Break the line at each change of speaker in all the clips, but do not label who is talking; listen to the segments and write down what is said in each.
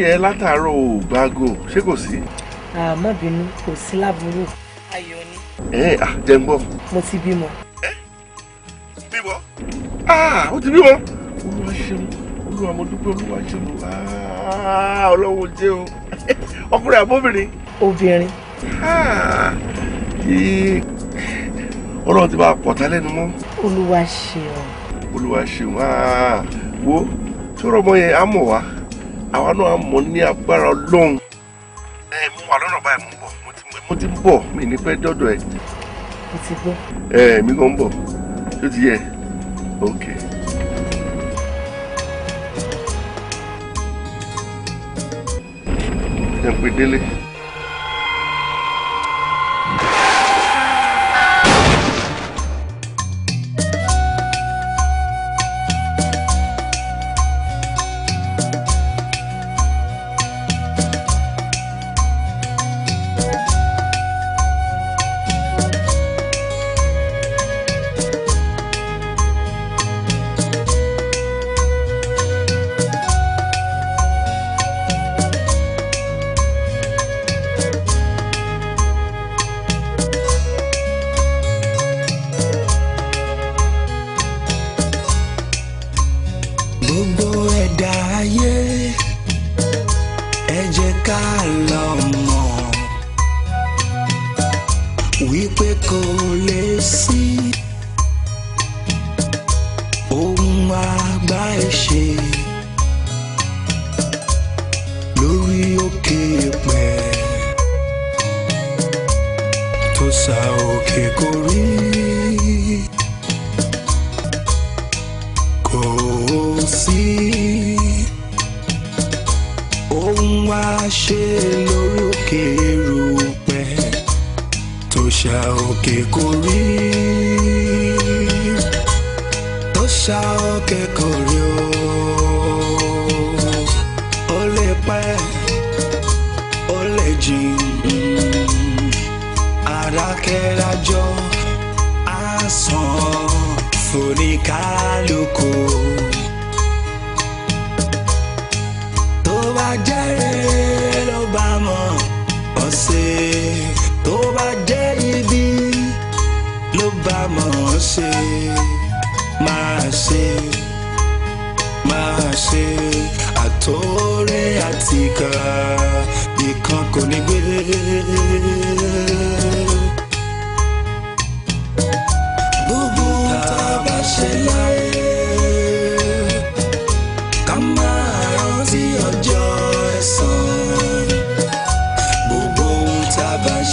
dádì ẹ látàárọ̀ ò gbáàgò ṣé kò sí.
àmọ́ bínú kò sí láburú. ayọ̀
ni. ẹ à jẹ́ ń bọ̀. mo ti bímọ. ẹ bímọ ó ti bímọ olúwa ṣeun olúwa mo dúpẹ́ olúwa ṣeun ọlọ́wọ́ jẹ́ o ọkùnrin àbóbìnrin. obìnrin. ọlọ́run ti bá a pọ̀ta lẹ́nu mọ́.
olúwa ṣeun.
olúwa ṣeun wo tí ó rọ̀ mọ́ yẹn á mọ̀ wá àwa náà mọ̀ ní agbára ọlọ́run. ẹ mú wa lọ́nà báyìí mo ń bọ̀ mo ti ń bọ̀ mi ní pẹ́ dọ́dọ̀ ẹ. mo ti bọ̀. ẹ mi kàn ń bọ̀ tó ti yẹ ok. ẹ pè délé.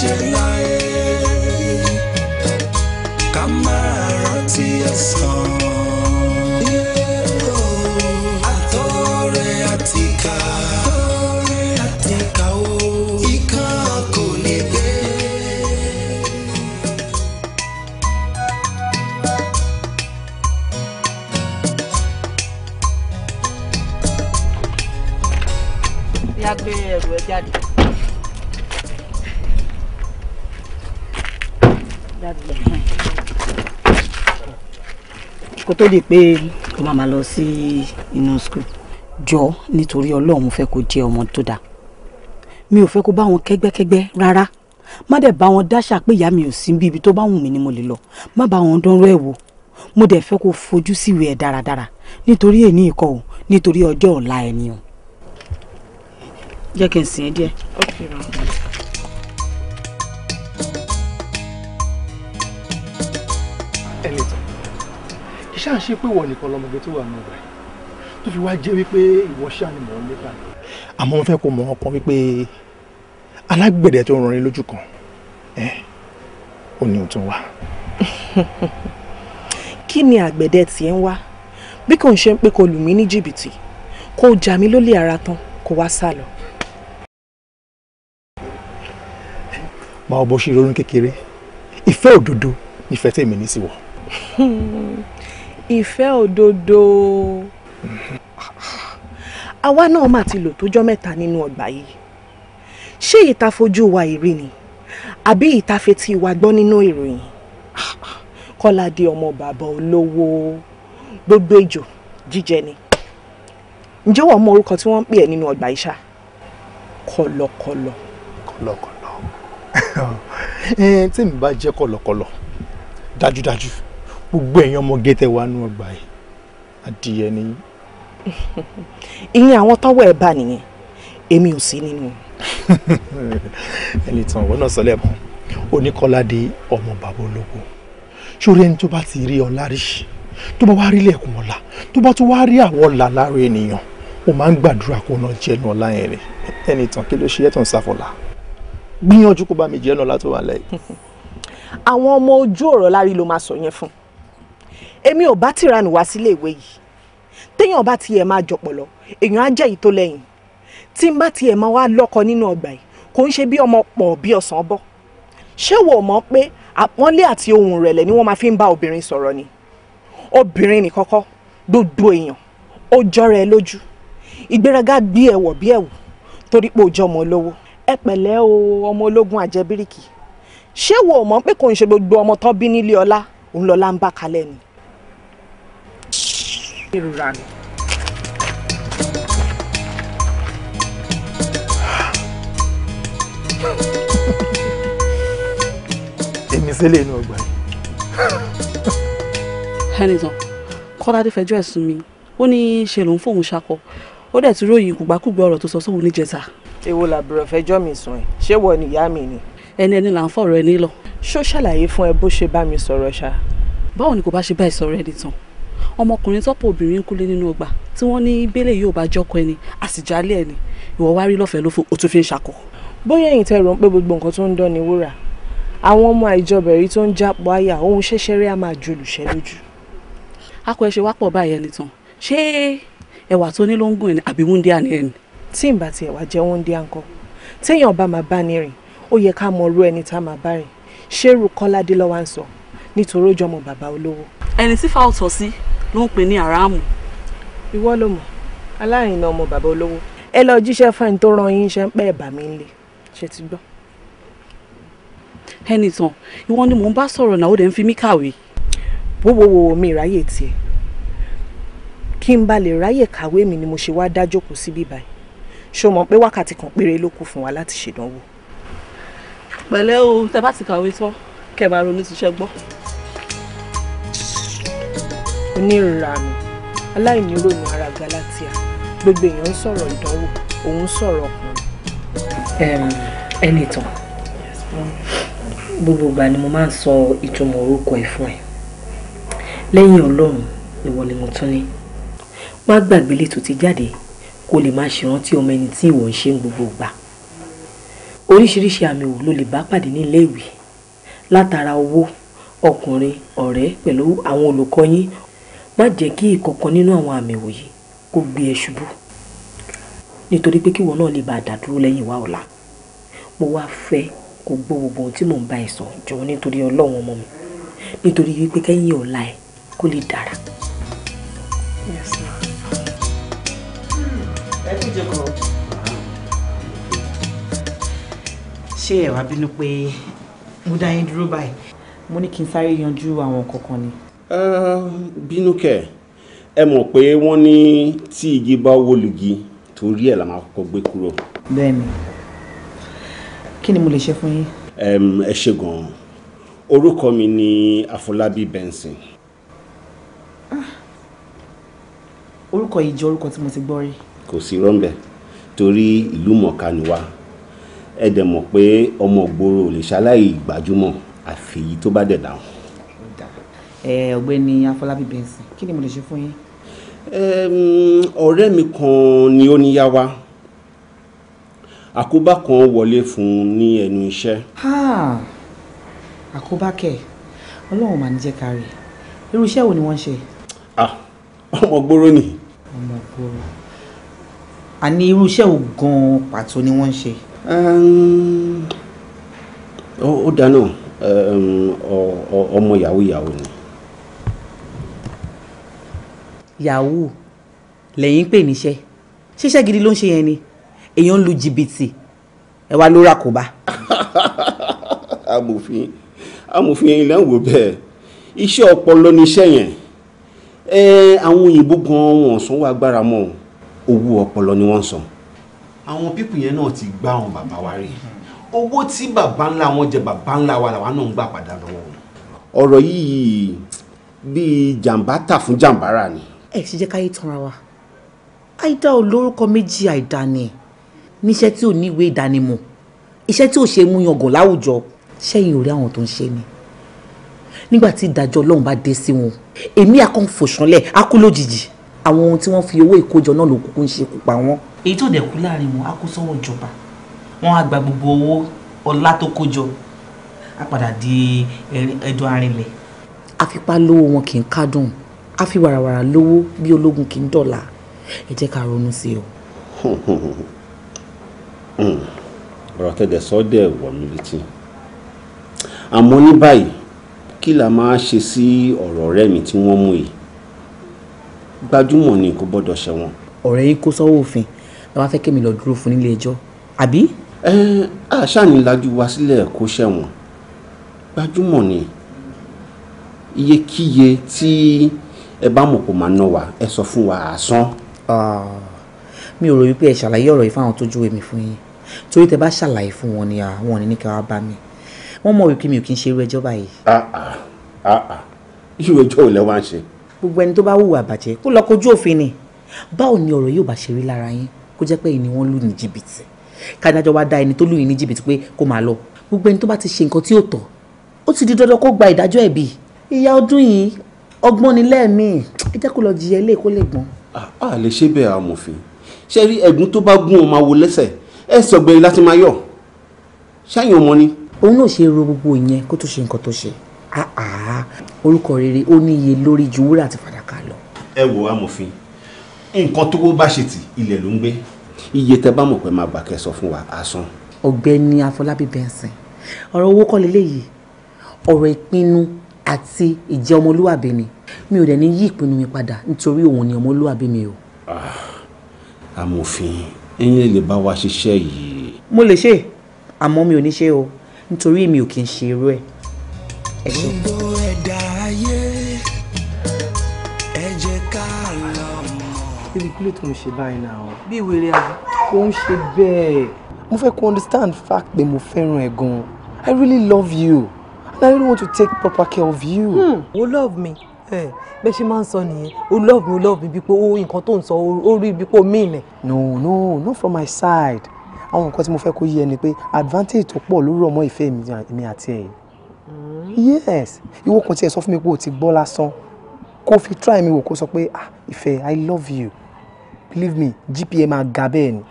usually
tó di pé kó má máa lọ sí inú school. jọ nítorí ọlọ́run fẹ́ kó jẹ́ ọmọ tó dáa mi ò fẹ́ kó bá wọn kẹ́gbẹ́kẹ́gbẹ́ rárá má dẹ̀ bá wọn dáṣà pé ìyá mi ò sí bí ibi tó bá wù mí ni mo lè lọ má bá wọn dánrọ́ ẹ̀ wò mo dẹ̀ fẹ́ kó fojú síwé ẹ̀ dáradára nítorí èní ìkọ́ ò nítorí ọjọ́ ọ̀la ẹni o. jẹ́ kí n sìn ẹ́ díẹ̀.
ẹni tó ṣáà ṣe pé ìwọ nìkan lọmọge tó wà nù rẹ̀ tó fi wá jẹ́ wípé ìwọ ṣáà ni mò ń lépa ni. àmọ́ wọ́n fẹ́ kó mọ ọkàn wípé alágbẹ̀dẹ tó ń rọrin lójú kan ẹ ò ní òtún wá.
kí ni àgbẹ̀dẹ tiẹ̀ ń wá bí kò ń ṣe pé kò lù mí ní jìbìtì kò jà mí lólè ara tán kò wá sá lọ.
máa bó ṣe ronú kékeré ìfẹ́ òdodo nífẹ̀ẹ́ tèmi ní sí wọ.
ìfẹ́ òdodo àwa náà mà ti lò tójọ́ mẹ́ta nínú ọgbà yìí ṣé ìta fojú wa ìrí ni àbí ìta fetí wa gbọ́ nínú ìròyìn kọ́ládé ọmọ bàbá olówó gbogbo ejò jíjẹ ni ǹjẹ́ wọ́n mọ orúkọ tí wọ́n ń pè ẹ́ nínú ọgbà ìṣá kọlọkọlọ.
kọlọkọlọ tí mi bá jẹ́ kọlọkọlọ dájúdájú gbogbo èèyàn ọmọge tẹ wà nù ọgbà yìí adìyẹ ni.
ìyẹn àwọn tọ́wọ́ ẹ̀ bá nìyẹn èmi ò sí nínú.
ẹni tàn wọ́n náà sọ lẹ́ẹ̀kan oníkọ́ládé ọmọ bàbá olóko ṣórí ẹni tó bá ti rí ọlá rí tó bá wá rí lẹ́kùn ọ̀la tó bá tún wá rí àwọ̀ ọ̀la lára ènìyàn ó máa ń gbàdúrà kó náà jẹnu ọ̀la yẹn rẹ̀ ẹni tàn kí ló ṣe yẹ́tàn sáfọ̀lá gbìyànjú kó bá mi jẹnu ọ̀la tó wà lẹ́yìn.
àwọn ọmọ ojú ọ̀rọ̀ lárí ló máa sọ yẹn fún èmi ò bá tìranù wá sílé ìwé yìí téèyàn bá tiẹ̀ máa jọpọ̀lọ èèyàn á jẹ́ èyí tó lẹ́yìn tí n bá tiẹ̀ máa wá lọ́kọ nínú ọgbà yìí kò ń ṣe bí ọmọ pọ̀ bí ọ̀sán bọ́ ṣé wò mọ̀ pé àpọ́nlé àti ohun ìrẹ̀lẹ̀ ni wọ́n máa fi ń bá obìnrin sọ̀rọ̀ ni obìnrin ní kọ́kọ́ gbogbo èèyàn ó jọra ẹ lójú ìgbéraga gbé ẹ̀wọ̀ bí ẹ̀wù torí pé ó ọmọ olówó ẹ pẹ̀lẹ́
o ọmọ ológun àjẹbíríkì ṣé wò mọ̀ pé kò ń ṣe gbogbo ọmọ tó bí nílé ọlá òun lọ́lá ń bá kalẹ̀ ni
ìrora ni.
èmi sílẹ̀ inú ọgbà
yìí. kọ́ládé fẹjọ́ ẹ̀sùn mi ó ní ṣe lòun fóun ṣakọ ó dẹ̀ ti ròyìn kùgbàkùgbà ọ̀rọ̀ tó sọ sóhun níjẹta. èwo làbúrò fẹjọ́ mi sùn ẹ̀ ṣé wọ ni ìyá mi ni. ẹni ẹni là ń fọ̀rọ̀ ẹni lọ. ṣó ṣàlàyé fún ẹ bó ṣe bá mi sọ̀rọ̀ ṣá. báwo ni kò bá ṣe bá ẹ sọ̀rọ̀ ẹni tán ọmọkùnrin tọ́pọ̀ obìnrin kúlé nínú ọgbà tí wọ́n ní bẹ́lẹ̀ yóò bá jọ́kọ ẹni a sì jálẹ̀ ẹni ìwọ wá rí lọ́fẹ̀ẹ́ lófo o tún fi ń ṣakọ. bóyá ẹ̀yin tẹ́ rò ń pé gbogbo nǹkan tó ń dán ni wúrà àwọn ọmọ àìjọbẹ̀rí tó ń jápọ̀ àyà ohun ṣẹ́ṣẹ́rẹ́ á máa jolùṣẹ́ lójú. akọ ẹ ṣe wá pọ̀ báyẹn ni tán ṣé ẹwà tó ní ló ń gùn ẹni àbí wúndíà ni ẹni. tí ìbá ti ẹ̀wà jẹ́ wúndíà ńkọ́ téèyàn bá máa bá ní rìn ó yẹ ká mọ irú ẹni tá máa bá rìn ṣé rú kọ́ládé lọ́wọ́ à ń sọ nítorí ó bàbá olówó ẹni tí fáwọn tọ̀ sí ló ń pè ní aráàmù. ìwọ ló mọ̀ aláìní ọmọ bàbá olówó ẹ lọ jíṣẹ́ fáìn tó ran yín ṣe ń pẹ́ ẹ̀bà mi ń ṣe ti gbọ́. Ẹnìtàn ìwọ ni mò ń bá sọ̀rọ̀ náà ó dẹ̀ ń fi mí kàwé. wòwòwò mi ìráyè tiẹ̀ kí n ba lè ráyè kàwé mi ni mo ṣe wáá dájókòó síbí báyìí ṣó mọ̀ pé wákàtí kan péré ló kù fún wa láti ṣèdánwò. pẹ̀lẹ́ o tẹ bá ti kàwé tán kẹ́ ẹ máa ronú ti ṣẹ́ gbọ́ onírànù aláìníròyìn ara galatia
gbogbo èèyàn ń sọ̀rọ̀ ìdánwò òun sọ̀rọ̀ ọkùnrin.
ẹnì gbogbo ìgbà ni mo máa ń sọ ìtumọ̀ orúkọ ẹ̀ fún ẹ lẹ́yìn ọlọ́run ìwọ ni mo tún ní má gbàgbé lè ti jáde kó lè má ṣèrántí ọmọ ẹni tí ìwọ ń ṣe gbogbo ìgbà oríṣiríṣi àmì wò ló lè bá pàdé ní ìwé látara owó ọkùnrin ọ̀rẹ́ pẹ̀lú àwọn olùkọ́ má jẹ́ kí ìkọ̀kan nínú àwọn àmì wòye kó gbé ẹ ṣubú nítorí pé kíwọ náà lè bá a dá dúró lẹ́yìn wa ọ̀la mo wá fẹ́ kó gbọ́ gbogbo ohun tí mò ń bá ẹ sọ jọ̀wọ́ nítorí ọlọ́run ọmọ mi nítorí wípé kẹ́yìn ọ̀la ẹ kó lè dára. Yes, ma. ẹ kú jẹ́ kọ́. ṣé ẹ wá bínú pé mo dá yín dúró báyìí mo ní kí n sáré yanjú àwọn kọ̀ọ̀kan ni.
Eh, bínú kẹ̀ ẹ mọ̀ pé wọ́n ní tí igi bá wó lùgì torí ẹ̀ la máa kọ́kọ́ gbé kúrò.
bẹ́ẹ̀ni kí ni mo lè ṣe fún yín.
ẹ ṣe gan-an orúkọ mi ni Afọlábí Benson. Ah.
orúkọ yìí jẹ orúkọ tí mo ti gbọ́ rí.
kò sí rọ́ńbẹ́ torí ìlú mọ̀ọ́ká ni wá ẹ dẹ̀ mọ̀ pé ọmọ ògbóró lè ṣaláì gbajúmọ̀ àfẹ́yí tó bá dẹ̀ dáhùn
ọ̀gbẹ́ni Afọlábí Benson kí ni mo lè ṣe fún yín. ọ̀rẹ́
mi kan ni ó níyá wa àkóbá kan wọlé fún un ní ẹnu iṣẹ́.
àkóbá kẹ ọlọ́run mà ní jẹ́ ká rí irú iṣẹ́ wo ni wọ́n ń ṣe. ọmọ gbóró ni. ọmọ gbóró àní irú iṣẹ́ wo gan-an pàtó ni wọ́n ń ṣe.
ó dáná ọmọ yahoo yahoo ni
yahoo lẹ́yìn ń pè níṣẹ́ ṣíṣẹ́ gidi ló ń ṣe yẹn ni èèyàn ń lu jìbìtì ẹ wá ló rà kó bá.
amòfin amòfin yẹn náà wò bẹ́ẹ̀ iṣẹ́ ọpọlọ níṣẹ́ yẹn ẹ àwọn òyìnbó gan wọn sanwó agbára mọ́ owó ọpọlọ ni wọ́n san. àwọn pípù yẹn náà ti gbá àwọn bàbá wa rí owó tí bàbá ńlá wọn jẹ bàbá ńlá wa làwa náà ń gbà padà lọ́wọ́ ọ̀rọ̀ yìí bíi jàǹbá tà fún jàǹbára ni
ẹ̀ ṣe jẹ́ káyé tanra wa àìdá ò lórúkọ méjì àìdá ni níṣẹ́ tí ò ní ìwé ìdánimọ̀ iṣẹ́ tí ò ṣe mú yangàn láwùjọ ṣẹ́yìn ò rí àwọn tó ń ṣe ni nígbà tí ìdájọ́ ọlọ́run bá dé sí wọn èmi àkànfòṣánlẹ̀ akú lójijì àwọn ohun tí wọ́n fi owó ìkójọ náà ló kúkú ń ṣe kú pa wọ́n. èyí tó dẹ̀ kú láàrin wọn á kó sọ́wọ́ ìjọba wọn á gba gbogbo owó ọlá tó kójọ á padà di ẹ̀dọ̀ arinlẹ̀. àfipá lówó wọn kì í kádùn a fi wàràwàrà lówó bí ológun kì í dọ̀la ẹ jẹ́ ká ronú sí o.
ọ̀rọ̀ tẹ̀dẹ̀ sọ dẹ̀ wọ̀ mí létí àmọ́ ní báyìí kí la máa ṣe sí ọ̀rọ̀ ọ̀rẹ́ mi tí wọ́n mú yìí gbajúmọ̀ ni kò gbọ́dọ̀ ṣẹ̀wọ̀n.
ọ̀rẹ́ yìí kó sọ́wọ́ òfin la wá fẹ́ kémi lọ dúró fún nílé ẹjọ́ àbí. ẹ ẹ
lajú wa sílẹ̀ kó ṣẹ̀wọ̀n gbajúmọ̀ ni
iyekíye tí. Tí ẹ bá mọ̀ kó máa ná wa ẹ sọ fún wa àásán. Ah, mi ò rò wípé ẹ ṣàlàyé ọ̀rọ̀ yìí fáwọn tó júwe mi fún yín torí tẹ bá ṣàlàyé fún wọn ni àwọn ò ní ní ká wá bá mi wọ́n mọ̀ wípé mi ò kí ń ṣe irú ẹjọ́ báyìí. Ah, ah,
irú ẹjọ́ ò lẹ́ wá ń ṣe.
gbogbo ẹni tó bá hùwà bàjẹ́ kó lọ kojú òfin ni báwo ni ọ̀rọ̀ yóò bá ṣe rí lára yín kó jẹ́ pé ìní wọn lù ní jìbìtì kájájọ́ wá dá ẹni tó lù yín ní jìbìtì pé kó máa lọ gbogbo ẹni tó bá ti ṣe nǹkan tí ò tọ́ ó ti di dandan kó gba ìdájọ́ ẹ̀bi ìyá ọdún yìí ọgbọ́n ni lẹ́ẹ̀mí-ín ẹ jẹ́ kó lọ jìyà ilé kó lè gbọ́n.
a lè ṣe bẹ́ẹ̀ amòfin ṣe rí ẹ̀gún tó bá gún ọmọ wo lẹ́sẹ̀ ẹ sọ̀gbẹ́ni láti máa yọ̀
ṣáàyàn ọmọ ni. òun náà ṣe ro gbogbo ìyẹn kó tó ṣe nǹkan tó ṣe orúkọ rere ó ní iye lórí ju wúrà àti fàdákà
lọ. ẹ wo amòfin
nǹkan tó bá
ṣe tì ilẹ̀ ló ń gbé iye tẹ bá mọ̀ pé máa bà kẹ́ fún wa asán.
ọ̀gbẹ́ni afọlábí benson ọ̀rọ̀ owó kọ́ lélẹ́yìí ọ̀rọ̀ ìpinnu àti ìjẹ́ ọmọlúwàbí ni mi ò dẹ̀ ní yí ìpinnu mi padà nítorí òun ni ọmọlúwàbí mi o.
Ah, amòfin ẹ̀yin lè bá wa ṣiṣẹ́ yìí.
mo lè ṣe àmọ́ mi ò ní ṣe o nítorí mi ò kì í ṣe irú ẹ̀. ẹ ṣe.
gbogbo ẹ̀dá ayé ẹ jẹ́ ká lọ mọ̀. ibi kí ló tó ń
ṣe báyìí náà o. bí wèrè àbí. kò ń ṣe bẹ́ẹ̀ mo fẹ́ kó understand fact pé mo fẹ́ràn ẹ̀ gan-an I really love you and I really want to take proper care of you. Hmm. o love me eh? But she man sọ nìyẹn o love me o love me because pé o nǹkan tó ń sọ o rí bí mean no no not from my side I want to mo fẹ́ kó yé ẹ ni pé advantage tó pọ̀ lórí ọmọ ìfẹ́ mi àti ẹ̀ hmm. yes you want to sọ soft mi pé o ti gbọ́ coffee kó fi try mi wò kó sọ ah ìfẹ́ i love you believe me GPA máa ga bẹ́ẹ̀ ni.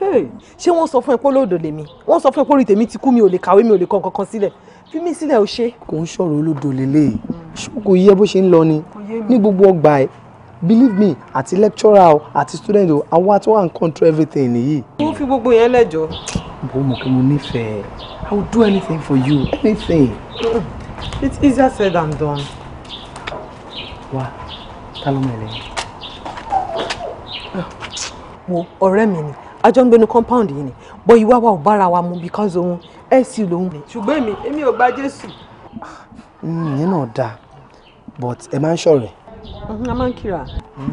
ṣé wọ́n sọ fún ẹ pé olóòdò lèmi wọ́n me. fún ẹ pé orí tèmi ti kú mi ò lè kàwé mi ò lè kọ́ nǹkan kan sílẹ̀ fi mí sílẹ̀ ò ṣe. kò ń sọ̀rọ̀ olódo lélẹ̀ ṣókò yẹ bó ṣe ń lọ ni ní gbogbo ọgbà ẹ̀ believe me àti lecturer o àti student o àwa tó wà ń control everything nìyí.
wọ́n fi gbogbo yẹn lẹ́jọ́.
bó mo kí mo nífẹ̀ẹ́ I will do anything for you anything. it's easier said than done. Wa. ta ló mọ ẹ lẹ́yìn.
wo ọ̀rẹ́ mi ni a ń gbénu compound yìí ni bọ́ ìwà wa ò bára wa mu because òun. Um, ẹ
sì lòun. ṣùgbọ́n èmi èmi ò gba jésù. Hmm, ìyẹn náà dáa but ẹ máa ń ṣọ̀rẹ́. a máa ń kíra.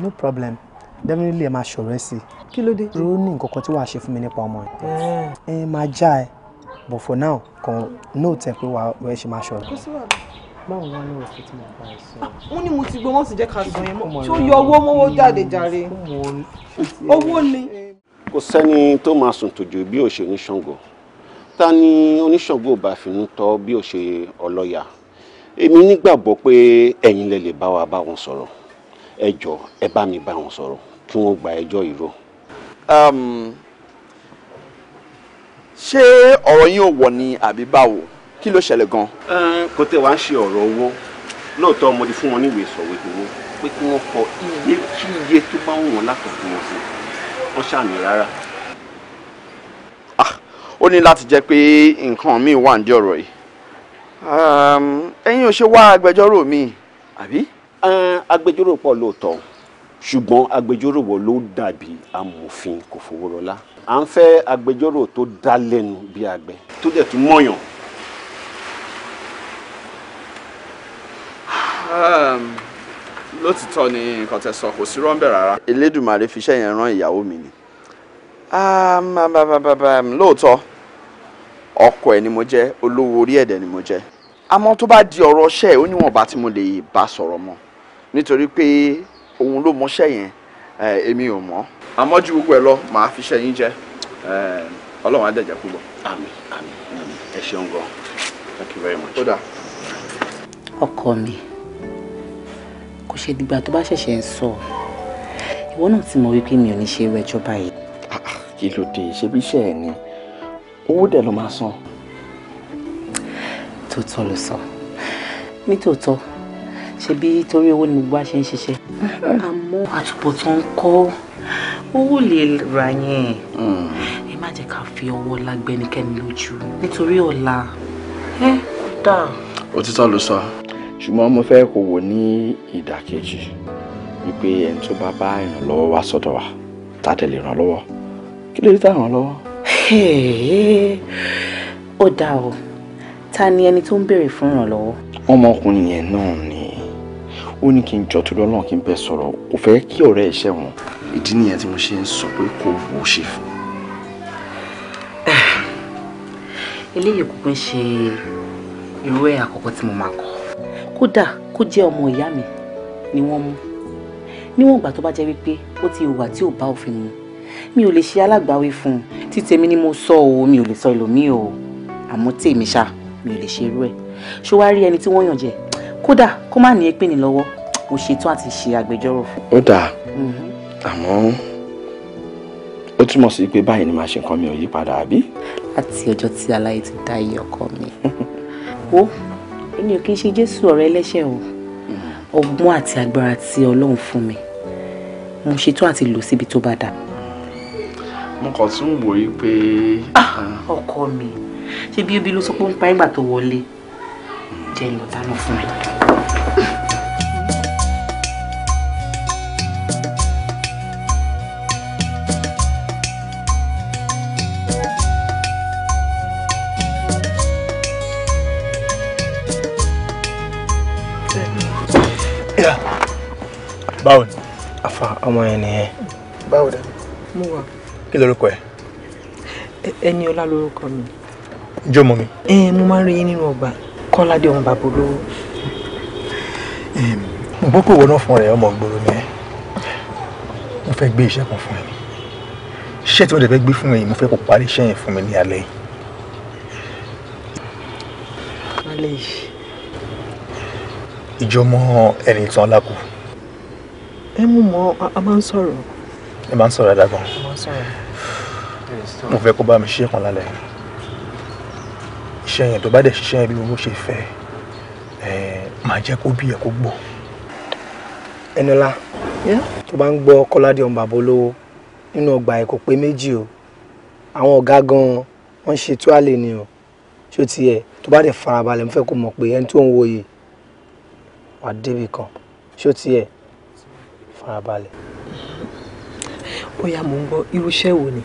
no problem definitely ẹ máa ṣọ̀rẹ́ sí i. kí ló dé. ro ní nǹkan kan tí wàá ṣe fún mi nípa ọmọ yẹn. Eh. ẹ máa já ẹ but for now kàn nóòtù ẹ pé wàá ẹ ṣe máa ṣọ̀rẹ́. kó sí wàhálà báwo wá lọ́wọ́ mo bá ẹ sọ. wọ́n ní mo ti gbé wọ́n sì jẹ́ ká sọ yẹn mọ́ tí ó yọ owó mọ́wọ́ jáde jàre owó
ni.
kò sẹ́ni tó máa sùn tòjò bí òṣèré Ṣàngó ta ni oníṣàngó ò bá finú tọ́ bí ó ṣe ọlọ́yà èmi nígbàgbọ́ pé ẹ̀yin lẹ lè bá wa bá wọn sọ̀rọ̀ ẹ jọ ẹ bá mi bá wọn sọ̀rọ̀ kí wọ́n gba ẹjọ́ ìró.
Um, ṣé ọ̀rọ̀ yín ò wọ̀ ni àbí báwo kí ló ṣẹlẹ̀ gan-an. kò tẹ̀ wá ń ṣe ọ̀rọ̀ owó lóòótọ́ mo ti fún wọn
ní ìwé sọ̀wé owó pé kí wọ́n kọ iye kí iye tó bá wù wọ́n látọ̀ fún wọn sí
wọ́n ṣàmì rárá ó ní láti jẹ́ pé nǹkan míì wà ní ọ̀rọ̀ yìí ehm, ẹ̀yin ò ṣe wá agbẹjọ́rò mi àbí.
Eh, agbẹjọ́rò pọ̀ lóòótọ́ ṣùgbọ́n agbẹjọ́rò wo ló dàbí amòfin kò fowó rọlá à ń fẹ́ agbẹjọ́rò tó dá lẹ́nu bí àgbẹ̀ tó
dẹ̀ tún mọ̀yàn. Ehm,
lótìtọ́ ni nǹkan tẹ́ sọ kò sí rọ́ńbẹ̀ rárá. elédùmarè fiṣẹ́ yẹn rán ìyàwó mi ni ehm, lóòótọ́ ọkọ ẹ̀ ni mo jẹ́ olówó orí ẹ̀dẹ̀ ni mo jẹ́ àmọ́ tó bá di ọ̀rọ̀ ṣẹ́ ẹ̀ ó níwọ̀nba tí mo lè bá sọ̀rọ̀ mọ́ nítorí pé òun ló mọṣẹ́ yẹn èmi ò mọ̀ àmọ́ ju gbogbo ẹ̀ lọ màá fi ṣẹ́ jẹ́ ọlọ́run á púpọ̀. àmín àmín ẹ ṣeun gan thank you very much. kódà.
ọkọ mi kò ṣe dìgbà tó bá ṣẹ̀ṣẹ̀ ń sọ ìwọ náà ti mọ̀ wípé mi ò ní ṣe irú báyìí. Ah, ah, kí ló dé ṣebí iṣẹ́ ẹ ni owó dẹ̀ ló máa san. tòótọ́ ló sọ nítòótọ́ ṣe bí torí owó ni gbogbo wa ṣe ń ṣiṣẹ́ àmọ́ àtúbọ̀tán kọ́ owó lè rà yẹn hmm. ẹ má jẹ́ ká fi ọwọ́ lágbẹ́nikẹ́ni lójú nítorí ọ̀la
ẹ kò dáa.
òtítọ́ ló sọ ṣùgbọ́n mo fẹ́ kó wò ní ìdàkejì wípé ẹni tó bá bá ìrànlọ́wọ́ wá sọ́dọ̀ wa tá a tẹ̀lé
ìrànlọ́wọ́ kí ló dé tá a ó dá o ta ni ẹni tó ń béèrè fún ìrànlọ́wọ́.
ọmọkùnrin yẹn náà ni ó ní kí n jọ torí ọlọ́run kí n bẹ́ẹ̀ sọ̀rọ̀ kò fẹ́ kí ọ̀rẹ́ iṣẹ́ wọn ìdí nìyẹn tí mo ṣe ń sọ pé
kò wò ó ṣe fún. eléyìí kò pín ṣe irú ẹ̀ àkọ́kọ́ tí mo máa kọ́ kódà kó jẹ́ ọmọ ìyá mi ni wọ́n mú níwọ̀n ìgbà tó bá jẹ́ wípé ó ti hùwà tí ò bá òfin mu mi ò lè ṣe alágbàwí fún un tí tèmi ni mo sọ o mi ò lè sọ ẹlòmíì o àmọ́ tèmi ṣá mi ò lè ṣe irú ẹ̀ ṣó wá rí ẹni tí wọ́n yàn jẹ kódà kó má ní épè ní lọ́wọ́ mo ṣetán àti ṣe agbẹjọ́rò. ó dáa mm-hmm. àmọ́
ó túmọ̀ sí pé báyìí ni màá ṣe nǹkan mi ò yí padà àbí. láti ọjọ́ tí aláyé ti dá iye
ọkọ mi wo èmi ò kí ṣe jésù ọ̀rẹ́ ẹlẹ́ṣẹ̀ o mm. ọgbọ́n àti agbára tí ọlọ́run fún mi mo ṣetán àti lò síbi tó bá dáa
mo kàn tún wò yí pé. Ah, ah.
ọkọ mi ṣé bí ebi ló sọ pé ó ń pa ìgbà tó wọlé jẹ́ ń dáná fún mi.
báwo ni. afa ọmọ yẹn nìyẹn.
báwo dẹ.
mo wà kí lorúkọ ẹ. ẹni e, ọlá lorúkọ mi.
jọmọ mi.
ẹ mo máa ń rí yín nínú ọgbà kọ́ládé ọmọ bàbá olówó.
mo gbọ́ pé ìwọ náà fún ọ̀rẹ́ ọmọ ìgboro ni ẹ mo fẹ́ gbé iṣẹ́ kan fún ẹ iṣẹ́ tí wọ́n dẹ̀ fẹ́ gbé fún ẹ yìí mo fẹ́ kó parí iṣẹ́ yẹn fún mi ní alẹ́ yìí. alẹ́ yìí. ìjọmọ ẹni tán lákòó
ẹ mú mọ a máa ń sọ̀rọ̀.
ẹ máa ń sọ̀rọ̀ dáadáa a
máa ń sọ̀rọ̀ mo fẹ́
kó bá mi ṣe kan lálẹ́ iṣẹ́ yẹn tó bá dẹ̀ ṣiṣẹ́ yẹn bí mo ṣe fẹ́ máa jẹ́ kó bí ẹ̀ kó gbọ́.
Ẹnilá tó bá ń gbọ́ Kọ́ládé ọmọ bàbá olówó nínú ọgbà ẹ̀kọ́ pé méjì o àwọn ọ̀gá gan-an wọ́n ṣe tó àlè ni o ṣó ti ẹ̀ tó bá dẹ̀ farabalẹ̀ mo fẹ́ kó mọ̀ pé ẹni tó ń wòye wà débi kan ṣó ti ẹ̀ farabalẹ̀. ó yá ń gbọ́ irúṣẹ́ wo ni.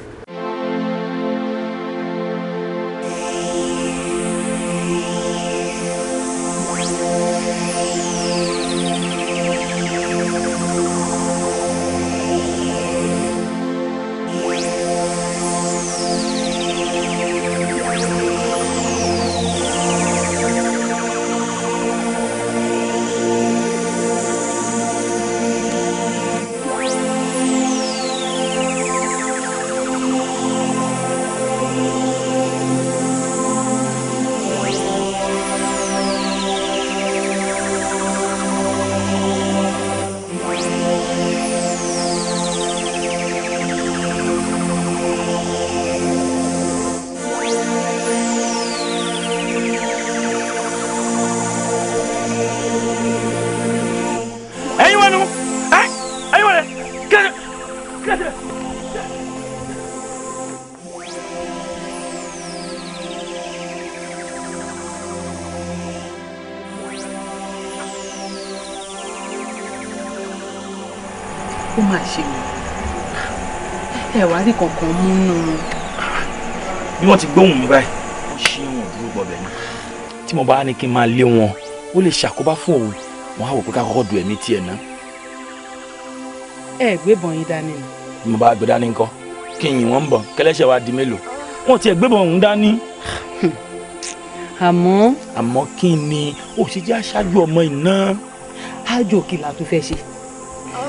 ẹ wá rí kankan mú nù.
bí wọ́n ti gbóhùn mi báyìí wọ́n ṣí wọn dúró gbọ́bẹ̀ ni tí mo bá ní kí n máa lé wọn ó lè ṣàkóbá fún òun wọn á wò pé ká kọ́kọ́ du ẹ̀mí tiẹ̀ ná.
ẹ gbébọn yín dání ni.
bí mo bá gbé dání ńkọ́ kí n yìn wọ́n ń bọ̀ kẹlẹ́ṣẹ̀ wa di mélòó wọn tiẹ̀ gbébọn òun dání.
àmọ́. àmọ́ kí ni ó ṣe jẹ́ aṣáájú ọmọ iná. ájò
kìlà tó fẹ́ ṣe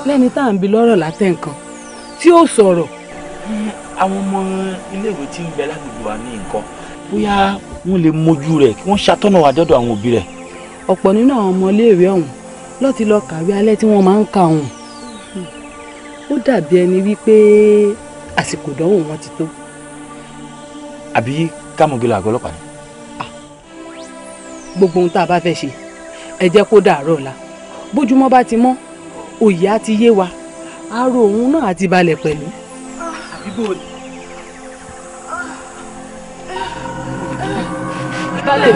lẹ́ni tá à ń bi lọ́rọ̀ látẹ̀ nǹkan tí ó sọ̀rọ̀
àwọn ọmọ iléèwé tí ń bẹ lágbègbè wa ní nǹkan bóyá wọ́n lè mójú rẹ̀ kí wọ́n ṣàtọ́nà wà dọ́dọ̀ àwọn òbí rẹ̀.
ọ̀pọ̀ nínú àwọn ọmọ iléèwé ọ̀hún ló ti lọ kàwé alẹ́ tí wọ́n máa ń kà ọ̀hún. ó dàbí ẹni wípé àsìkò ìdánwò wọn ti tó.
àbí kámọ̀gìlà àgọ́ ọlọ́pàá ni.
gbogbo ohun tá a bá fẹ́ ṣe ẹ jẹ́ kó dàárọ̀ ọ̀la bójúmọ́ bá ti mọ́ òye á ti yé wa aró òun náà á ti balẹ̀ pẹ̀lú.
àbí bò ó
balẹ̀.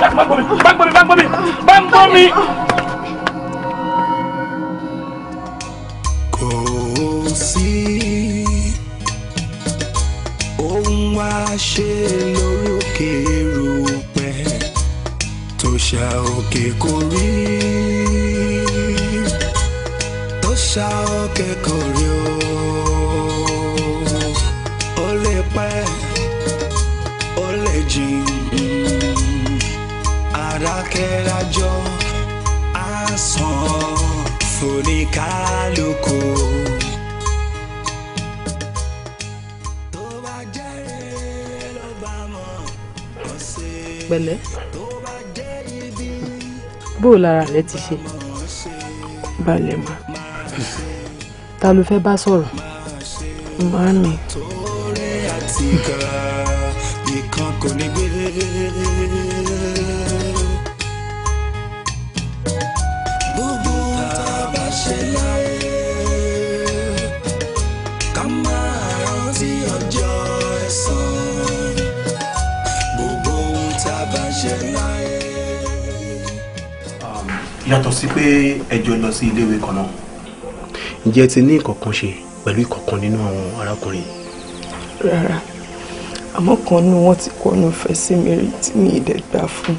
báńgbọ́n mi báńgbọ́n mi báńgbọ́n mi.
kò sí ohun àṣe lórí òkè erùpẹ̀ tó ṣà òkè kò rí tó ṣà òkè kò rí o. méjì àdákẹ́rájọ́ àsán fòníkálukú.
pẹ̀lẹ́ bó o lára rẹ ti ṣe
balẹ̀ mọ́ ta ló fẹ́ bá sọ̀rọ̀
màámi yàtọ̀
sí pé ẹjọ́ lọ sí iléèwé kan náà. ǹjẹ́ ti ní ìkọ̀kan ṣe pẹ̀lú ìkọ̀kan nínú àwọn arákùnrin yìí.
rárá àmọ́ kan nínú wọn ti kọnu ìfẹ́
sí mi rí tí mi ìdẹ̀ gbà fún.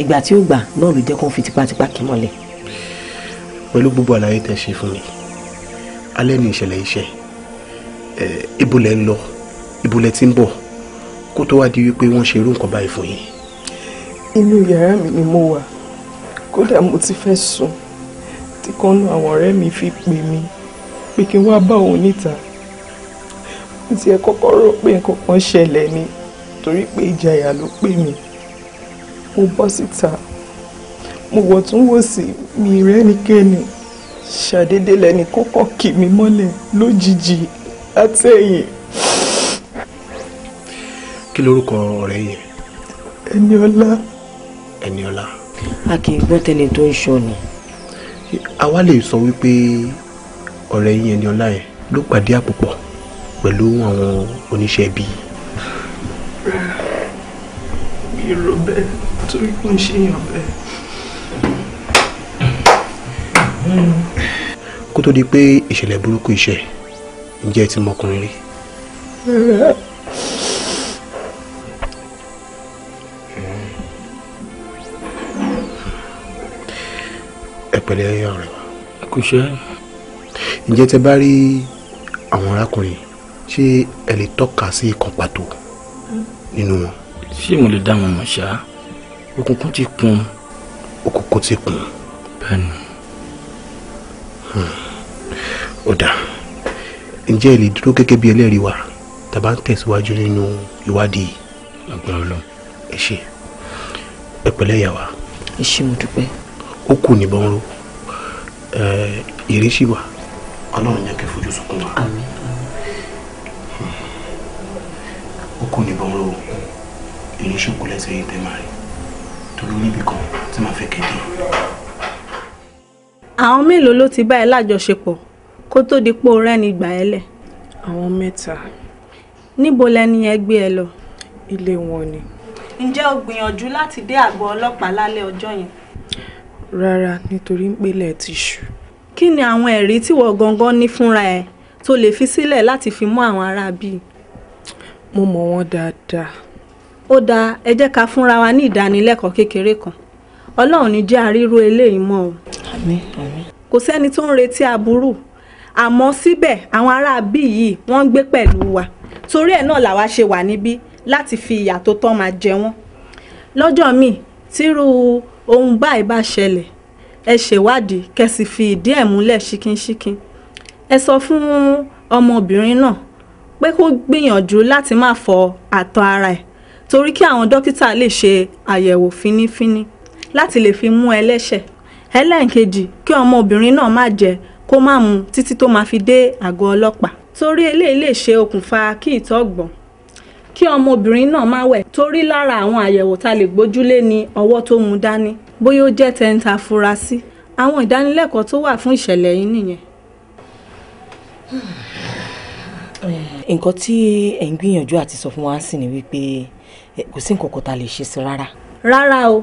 ìgbà tí ó gbà náà ló jẹ́ kó fi tipátipá kì í mọ́lẹ̀.
pẹ̀lú gbogbo àlàyé tẹ́ ṣe fún mi alẹ́ ní ìṣẹ̀lẹ̀ iṣẹ́ ibo ń lọ ibo ti ń bọ̀ kó tó wá di wípé wọ́n ṣe irú nǹkan báyìí fún yín.
inú yàrá mi ni mo wà kódà mo ti fẹ́ sùn tí kan nu àwọn ọ̀rẹ́ mi fi pè mí pé kí n wá bá òun níta mo tiẹ̀ kọ́kọ́ rò pé nǹkan kan ṣẹlẹ̀ ni torí pé ìjayà ló pè mí mo bọ́ síta mo wọ̀ tún wò sí mi rẹ́nikẹ́ni ṣàdédé lẹ́ni kọ́kọ́ kì mí mọ́lẹ̀ lójijì látẹ̀yìn.
kí lorúkọ ọ̀rẹ́ yẹn. Ẹniọlá. Ẹniọlá a kì í gbọ́ tẹni tó ń ṣọnù. àwa lè sọ wípé ọ̀rẹ́ yín ẹni ọlá yẹn ló pàdé àpòpọ̀ pẹ̀lú àwọn oníṣẹ́ ibi.
irọ́ bẹ́ẹ̀ torí kò ń ṣèyàn bẹ́ẹ̀.
kó tó di pé ìṣẹ̀lẹ̀ burúkú iṣẹ́ ǹjẹ́ ti mọkùnrin rí. pẹ̀lẹ́ ọ̀rẹ́ wa. kò ṣe é. ǹjẹ́ tẹ bá rí àwọn arákùnrin ṣé ẹ lè tọ́ka sí ikọ̀ pàtó nínú wọn. ṣé mo lè dá wọn mọ̀ ṣá òkùnkùn ti kún. òkùnkùn ti kún. bẹ́ẹ̀ni. Hmm. ó dà ǹjẹ́ ẹ lè dúró gẹ́gẹ́ bí ẹlẹ́rìí wa tàbá ń tẹ̀síwájú nínú ìwádìí. agbára Ọlọ́run. ẹ ṣe ẹ pẹ̀lẹ́ yà wá.
ẹ ṣé mo dúpẹ́.
ó kù níbọn ró ìrísí eh, wa ọlọ́run yẹn kẹ́ fojú Okuni wa ó kú níbọn ro inú ṣòkò lẹ́sẹ̀ yìí tẹ́ máa rí torí níbi kan tí màá fẹ́ kéde.
àwọn mélòó ló ti bá ẹ lájọṣepọ̀ kó tó di pé o rẹ́ni gbà ẹ́ lẹ̀. àwọn mẹ́ta. níbo lẹni yẹn gbé ẹ lọ. ilé wọn ni. ǹjẹ́ o gbìyànjú láti dé àgọ́ ọlọ́pàá lálẹ́ ọjọ́ yẹn. Rárá, nítorí pé ilẹ̀ ti ṣú. Kí ni àwọn ẹ̀rí tíwọ gangan ní fúnra ẹ tó lè fi sílẹ̀ láti fi mú àwọn aráabí?
Mo mọ̀ wọ́n dáadáa.
Ó dáa, ẹ ká fúnra wa ní ìdánilẹ́kọ̀ọ́ kékeré kan. Ọlọ́run ní jẹ́ àríró eléyìí mọ́ o. Àmín àmín. Kò sẹ́ni tó ń retí aburú. Àmọ́ síbẹ̀, àwọn aráabí yìí wọ́n ń gbé pẹ̀lú wa. Torí ẹ̀ náà làwa ṣe wà níbí láti fi ìyà tó tọ́ máa jẹ wọ́n. Lọ́jọ́ míì, tírú ohun báyìí bá ṣẹlẹ̀ ẹ ṣèwádìí kẹ́ sì fi ìdí ẹ̀ múlẹ̀ ṣíkínṣíkín ẹ sọ fún ọmọbìnrin náà pé kó gbìyànjú láti má fọ àtọ̀ ara ẹ̀ torí kí àwọn dókítà lè ṣe àyẹ̀wò fínífíní láti lè fi mú ẹlẹ́ṣẹ̀ ẹlẹ́ǹkejì kí ọmọbìnrin náà má jẹ kó má mu títí tó máa fi dé àgọ́ ọlọ́pàá torí eléyìí lè ṣe okùnfà kí ìtọ́ gbọ̀n kí ọmọbìnrin náà má wẹ̀ torí lára àwọn àyẹ̀wò tá lè gbójúlé ni ọwọ́ tó mú dání bóyá ó jẹ́ tẹ́ńtà afurasí àwọn ìdánilẹ́kọ̀ọ́ tó wà fún ìṣẹ̀lẹ̀ yìí nìyẹn. nǹkan tí ẹ̀ ń gbìyànjú àti sọ fún wa sì ni wípé kò sí nǹkan kan tá lè ṣe sí rárá. rárá o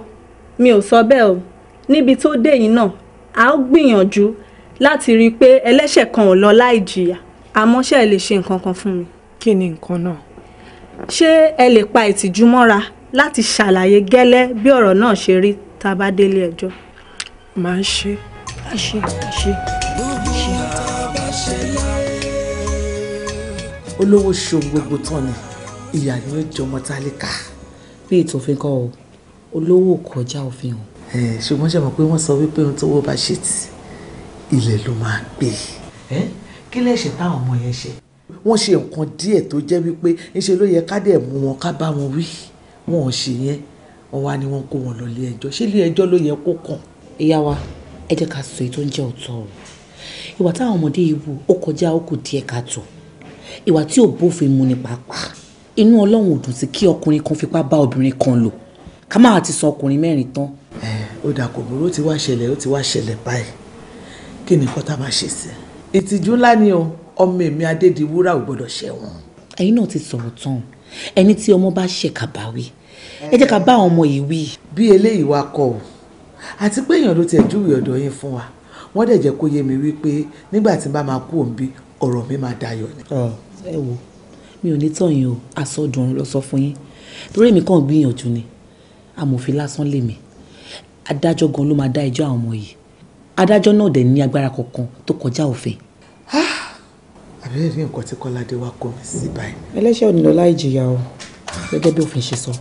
mi ò sọ bẹ́ẹ̀ o níbi tó dé yìí náà a ó gbìyànjú láti rí i pé ẹlẹ́ṣẹ̀ kan ò lọ láì jìyà àmọ́ ṣe lè ṣe nǹkan kan fún mi. kí ni nǹkan náà ṣé ẹ lè pa ìtìjú mọ́ra láti ṣàlàyé gẹ́lẹ́ bí ọ̀rọ̀ náà ṣe rí tá a bá délé ẹjọ́. màá ṣe
ṣe ṣe ṣe.
olówó ṣòwò gbogbo tán ni ìyá ni ó jọmọ tálíkà. bí ètò òfin kọ́ o olówó kọjá òfin o. ṣùgbọ́n ṣe mọ̀ pé wọ́n sọ wípé ohun tó wọ́n bá ṣe tì ilẹ̀ ló máa gbé. kí lẹ́sẹ̀ táwọn ọmọ yẹn ṣe wọ́n ṣe nǹkan díẹ̀ tó jẹ́ wípé ńṣe ló yẹ ká dẹ̀ mú wọn ká bá wọn wí wọn ò ṣe yẹn wọn wá ní wọn kó wọn lọ ilé ẹjọ́ ṣé ilé ẹjọ́ ló yẹ kó kàn. ìyá wa ẹ jẹ́ ká sọ èyí tó ń jẹ́ ọ̀tọ̀ ọ̀rọ̀ ìwà táwọn ọmọdé yìí wù ó kọjá ó kù díẹ̀ káàtó ìwà tí ò bófin mu ni pàápàá inú ọlọ́run ò dùn sí kí ọkùnrin kan fipá bá obìnrin kan lò ká má ti sọ ọkùnrin mẹ́rin tán. ẹ ó dà kò burú ó ti wá ṣẹlẹ̀ ó ti wá ṣẹlẹ̀ báyìí kí ni kọ́tà bá ṣe sí i. ìtìjú ńlá ni o ọmọ èmi adédiwúrà ò gbọdọ̀ ṣẹ̀wọ̀n. ẹ̀yin náà ti sọ̀rọ̀ tán ẹni tí ọmọ bá ṣe kàbáwí ẹ jẹ́ ká bá àwọn ọmọ yìí wí. bí eléyìí wá kọ o àti pé èèyàn ló tiẹ̀ júwèé ọ̀dọ̀ yín fún wa wọ́n dẹ̀ jẹ́ kó yé mi wípé nígbà tí n bá máa kú òǹbí ọ̀rọ̀ mi máa dayọ̀ ni. ẹ wo mi ò ní tàn yín o àsọdùn lọ sọ fún yín torí èmi kàn gbìyànjú ni amòfin lásán lèmi adájọ́ gan ló máa dá ẹjọ́ àwọn ọmọ yìí adájọ́ náà dẹ̀ ní agbára kankan tó kọjá òfin. ah
àbí ẹ̀rí nǹkan tí Kọ́ládé wá kó mi sí báyìí.
ẹlẹ́ṣẹ̀ ò ní lọ láì jìyà o gẹ́gẹ́ bí òfin ṣe sọ.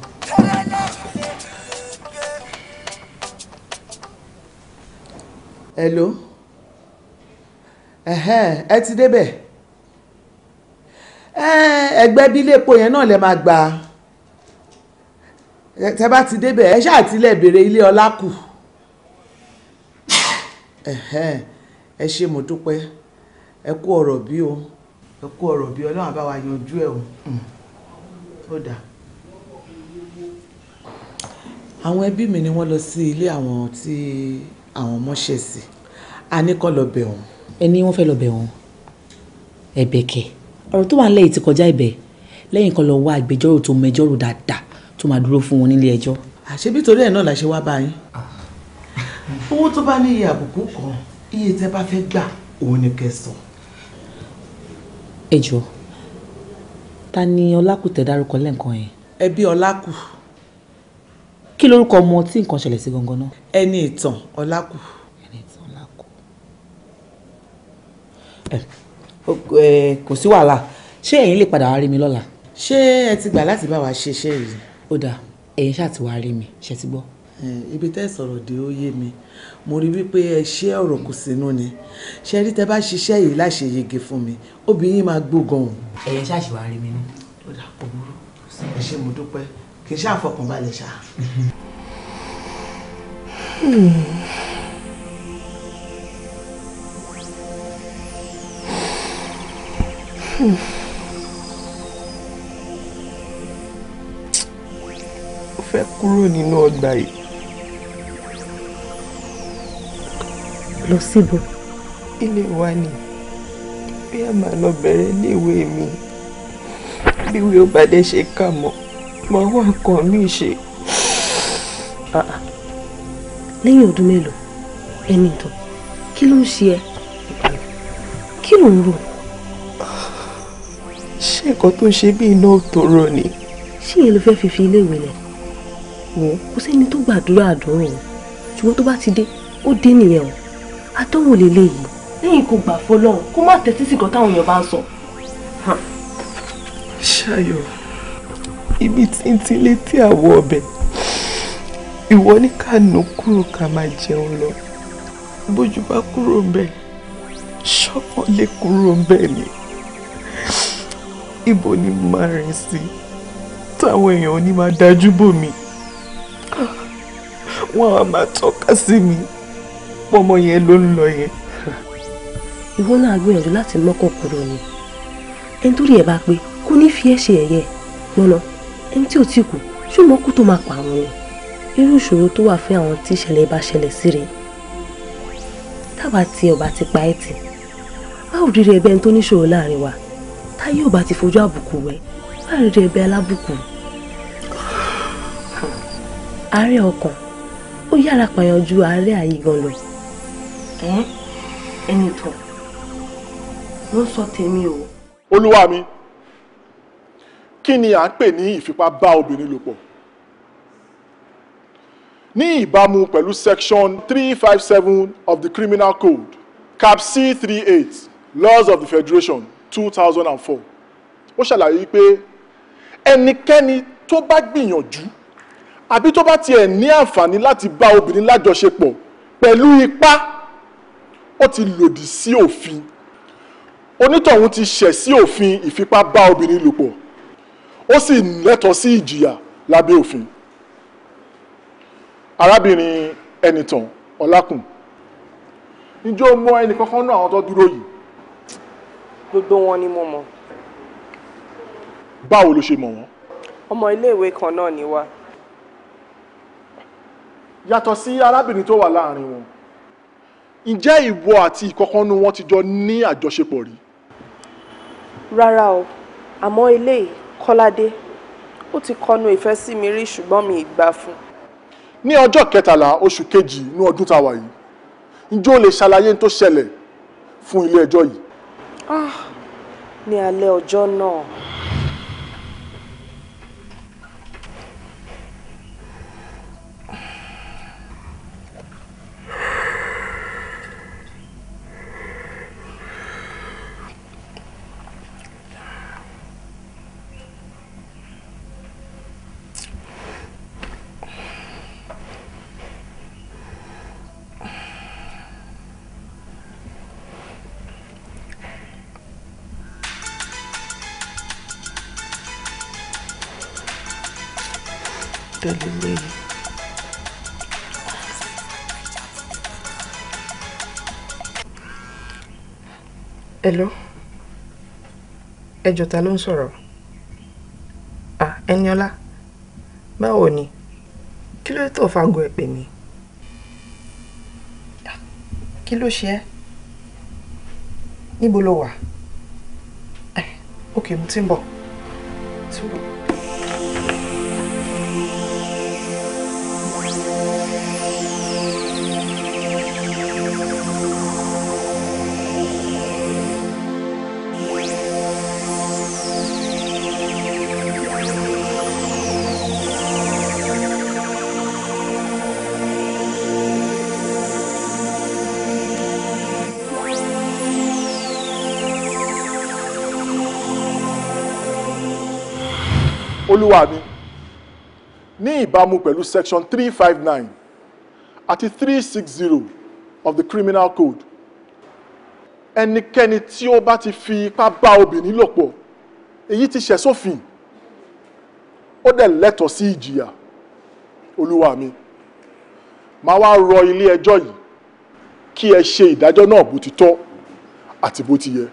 hello ẹ ti débẹ̀
ẹgbẹ́ bí ilé epo yẹn náà lè máa gbà tẹ bá ti débẹ̀ ẹ ṣáà ti lè béèrè ilé ọlá kù ẹ ṣé mo dúpẹ́ ẹ kú ọ̀rọ̀ bí o ẹ kú ọ̀rọ̀ bí ọlọ́run á bá wa yanjú ẹ̀ o hmm. ó dà. àwọn ẹbí mi ni wọ́n lọ sí ilé àwọn tí àwọn mọ́ṣẹ́ sí a ní kọ́ lọ bẹ̀ wọ́n. ẹ ní wọ́n fẹ́ lọ bẹ̀ wọ́n ẹ̀bẹ̀ kẹ̀ ọ̀rọ̀ tó wà nílẹ̀ yìí ti kọjá ìbẹ̀ lẹ́yìn kan lọ wá agbẹjọ́rò tó mẹjọ́rò dáadáa tó máa dúró fún wọn nílé ẹjọ́. àṣebí torí ẹ̀ náà la ṣe wá bá yín ah. owó tó bá ní iye àbùkù kan iye tẹ́ bá fẹ́ gbà òun ni kẹ́ sọ ẹ jọ ta ni ọlákù tẹ dárúkọ lẹ́ǹkan yẹn. ẹbí ọlákù. kí lorúkọ ọmọ tí nǹkan ṣẹlẹ̀ sí gangan náà. ẹni ìtàn ọlákù. ẹni ìtàn ọlákù. kò sí wàhálà ṣé ẹ̀yin lè padà wá rí mi lọ́la. ṣé ẹ ti gbà láti bá wa ṣe iṣẹ́ yìí. ó dáa ẹ̀yin ṣáà ti wá rí mi ṣe ti gbọ́ ibi tẹ́ sọ̀rọ̀ dé ó yé mi mo rí wípé ẹ ṣe ọ̀rọ̀ kù sínú ni ṣe rí tẹ́ bá ṣiṣẹ́ yìí láṣẹ yege fún mi obìnrin máa gbógan òun. ẹyẹ ṣàṣìwárí mi ní. ó dà kó burú ẹ ṣe mo dúpẹ́ kì í ṣàfọkànbalẹ̀ ṣá.
ó fẹ́ kúrò nínú ọgbà yìí. lọ síbo. ilé wa ni bí a máa lọ bẹ̀rẹ̀ iléèwé mi bí wí ó bá dé ṣe kà mọ́ máa wá nǹkan mi ṣe. lẹ́yìn ọdún mélòó ẹni ìtàn kí ló ń ṣe ẹ́ kí ló ń rò. ṣé nǹkan tó ń ṣe bí iná tòrò ni. ṣé ìyẹn ló fẹ́ fi fi iléèwé lẹ̀ wò ó kò sẹ́ni tó gbàdúrà àdúrà o ṣùgbọ́n tó bá ti dé ó dé nìyẹn o
àdánwò lélẹ́yìí lẹ́yìn kò gbà fọlọ́run kó má tẹ́tí sí nǹkan táwọn èèyàn bá ń sọ.
ṣayọ ibi tíntín létí àwọ ọbẹ̀ ìwọ ní ká nù kúrò ká máa jẹun lọ bójú bá kúrò ń bẹ ṣọkàn lè kúrò bẹ ni ibo ni máa rìn sí táwọn èèyàn ní máa dájú bò mí ah, wọn á máa tọ́ka sí mi. Ah pọ̀ ọmọ yẹn ló ń lọ yẹn.
ìwọ náà gbìyànjú láti mọ́kàn kúrò ni ẹni tó rí ẹ bá pé kó ní fi ẹ ṣe ẹ̀yẹ mọ́nà ẹni tí ò tí kú ṣùgbọ́n kú tó máa pa àwọn ni irú ìṣòro tó wà fún àwọn tí ìṣẹ̀lẹ̀ bá ṣẹlẹ̀ sí rẹ̀ táwa tí ọba ti pa ẹ̀ tì báwo rí rẹ ẹgbẹ́ ẹni tó níṣòro láàrin wa táyé ọba ti fojú àbùkù wẹ̀ báwo rí rẹ alábùkù àárẹ̀ ọkàn ó yára pààyàn ju àárẹ̀ àyè gan lọ
ẹni tàn ló ń sọ tèmi o. olúwa mi kí ni à ń pè ní ìfipá bá obìnrin lò pọ̀ ní ìbámu pẹ̀lú section three five seven of the criminal code cap c three eight laws of the federation two thousand and four ó ṣàlàyé pé ẹnikẹ́ni tó bá gbìyànjú àbí tó bá tiẹ̀ ní àǹfààní láti bá obìnrin lájọṣepọ̀ pẹ̀lú ipá ó ti lòdì sí òfin onítọ̀hún ti ṣẹ̀ sí òfin ìfipá bá obìnrin lò pọ̀ ó sì lẹ́tọ̀ọ́ sí ìjìyà lábẹ́ òfin arábìnrin ẹnìtàn ọlákùn
níjó mọ ẹnì kankan náà àwọn tó dúró yìí. gbogbo wọn ni mo mọ. báwo ló ṣe mọ wọn. ọmọ iléèwé kan náà ni wá.
yàtọ̀ sí arábìnrin tó wà láàrin wọn ǹjẹ́ ìwọ àti ìkọ̀kànnú wọn ti jọ ní àjọṣepọ̀ rí.
rárá o àmọ́ eléyìí kọ́ládé ó ti kọnu ìfẹ́ sí mi rí ṣùgbọ́n mi ì gbà fún.
ní ọjọ́ kẹtàlá oṣù kejì ní ọdún tá a wà yìí ǹjẹ́ o lè ṣàlàyé tó ṣẹlẹ̀ fún ilé ẹjọ́ yìí.
ah ní alẹ́ ọjọ́ náà. No.
hello ẹjọ ta ló ń sọ̀rọ̀ ah Ẹniọlá báwo ni kí ló tó fago ẹ pè mí kí ló ṣe ẹ́ níbo lo wà ok mo ti ń bọ̀.
olúwa mi ní ìbámu pẹ̀lú section three five nine àti three six zero of the criminal code ẹnikẹ́ni tí ó bá ti fi ipá bá obìnrin lò pọ̀ èyí ti ṣẹ̀ sófin ó dẹ̀ lẹ́tọ̀ọ́ sí ìjìyà olúwa mi máa wá rọ ilé ẹjọ́ yìí kí ẹ ṣe ìdájọ́ náà bó ti tọ́ àti bó ti yẹ.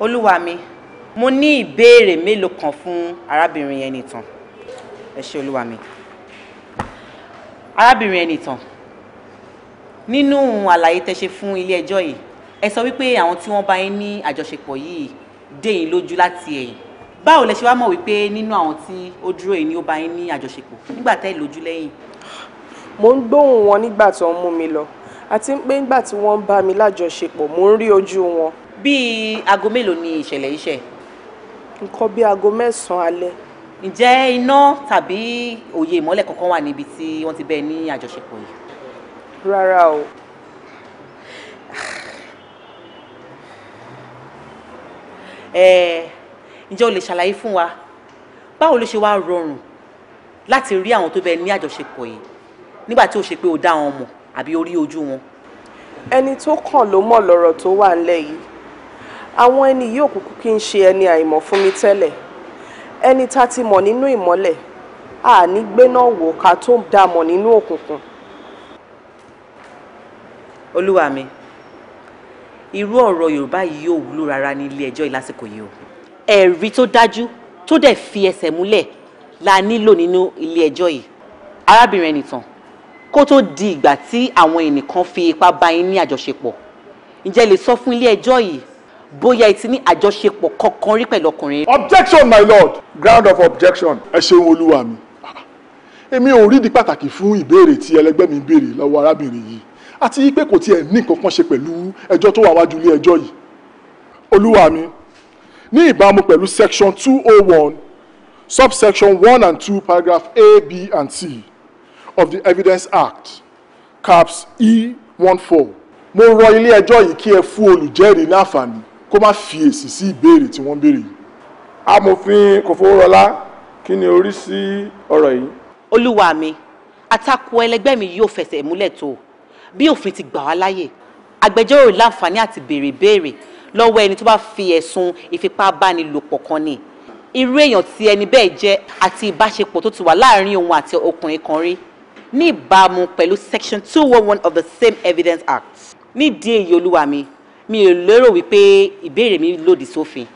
olúwa mi mo ní ìbéèrè mélòó kan fún arábìnrin yẹn nìtàn ẹ ṣé olúwa mi arábìnrin yẹn nìtàn nínú àlàyé tẹ́ ṣe fún ilé ẹjọ́ yìí ẹ sọ wípé àwọn tí wọ́n bá yín ní àjọṣepọ̀ yìí dé yín lójú láti ẹ̀yìn báwo lẹ ṣe wá mọ̀ wípé nínú àwọn tí ó dúró yìí ni ó bá yín ní àjọṣepọ̀ nígbà tẹ́ lójú lẹ́yìn.
mo ń gbóhùn wọn nígbà tó ń mú mi lọ àti pé nígbà tí wọ́n ń bá mi lájọṣepọ̀ mo ń rí ojú wọn
bíi aago mélòó ni ìṣẹ̀lẹ̀ yìí ṣe.
nǹkan bíi aago
mẹ́sàn-án alẹ́. ǹjẹ́ iná tàbí òye ìmọ́lẹ̀ kankan wà níbi tí wọ́n ti bẹ́ẹ̀ ní àjọṣepọ̀ yìí. rárá o. ǹjẹ́ o lè ṣàlàyé fún wa báwo ló ṣe wá rọrùn láti rí àwọn tó bẹ́ẹ̀ ní àjọṣepọ̀ yìí nígbà tí o ṣe pé o dá wọn mọ̀ àbí o rí ojú wọn. ẹni tó kàn ló mọ̀ lọ́rọ̀ tó wà ńlẹ̀ yìí àwọn ẹni yìí òkùnkù kí n ṣe ẹni àìmọ̀ fún mi tẹ́lẹ̀ ẹni tá a ti mọ̀ nínú ìmọ́lẹ̀ àní gbé náà wò ká tó dá a mọ̀ nínú òkùnkùn. olúwa mi irú ọ̀rọ̀ yorùbá yìí yóò wúlò rárá ní ilé ẹjọ́ yìí lásìkò yìí o. ẹ̀rí tó dájú tó dẹ̀ fi ẹsẹ̀ múlẹ̀ la nílò nínú ilé ẹjọ́ yìí arábìnrin ẹnìtàn kó tó di ìgbà tí àwọn ẹnìkan fi ipá bá yín ní àjọṣepọ̀ ǹjẹ́ lè sọ fún ilé ẹjọ́ yìí bóyá ẹ ti ní àjọṣepọ̀ kankan rí pẹ̀lú ọkùnrin. objection
my lord ground of objection. ẹ ṣeun olúwa mi èmi ò rídìí pàtàkì fún ìbéèrè tí ẹlẹgbẹ́ mi béèrè lọ́wọ́ arábìnrin yìí àti pé kò tiẹ̀ ní nǹkan kan ṣe pẹ̀lú ẹjọ́ tó wà wájú ilé ẹjọ́ yìí olúwa mi ní ìbámu pẹ̀lú section two oh one subsection one and two paragraph a b and c of the evidence act caps e one four mo rọ ilé ẹjọ́ yìí kí ẹ fún olùjẹ́rìí ní kó má fi èsì sí ìbéèrè tí wọ́n béèrè yìí. amòfin Kòfowórọlá kí ni orí sí ọ̀rọ̀ yìí. olúwa mi àtakò
ẹlẹgbẹ́ mi yóò fẹsẹ̀ múlẹ̀ tó bí òfin ti gbà wá láyè agbẹjọ́rò láǹfààní àti béèrè béèrè lọ́wọ́ ẹni tó bá fi ẹ̀sùn ìfipábánilòpọ̀ kan ni irú èèyàn tí ẹni bẹ́ẹ̀ jẹ́ àti ìbáṣepọ̀ tó ti wà láàrin òun àti ọkùnrin kan rí ní ìbámu pẹ̀lú section two one oh one of the same evidence act nídìí èyí olúwa mi
mi ò lérò wípé ìbéèrè mi lòdì sófin.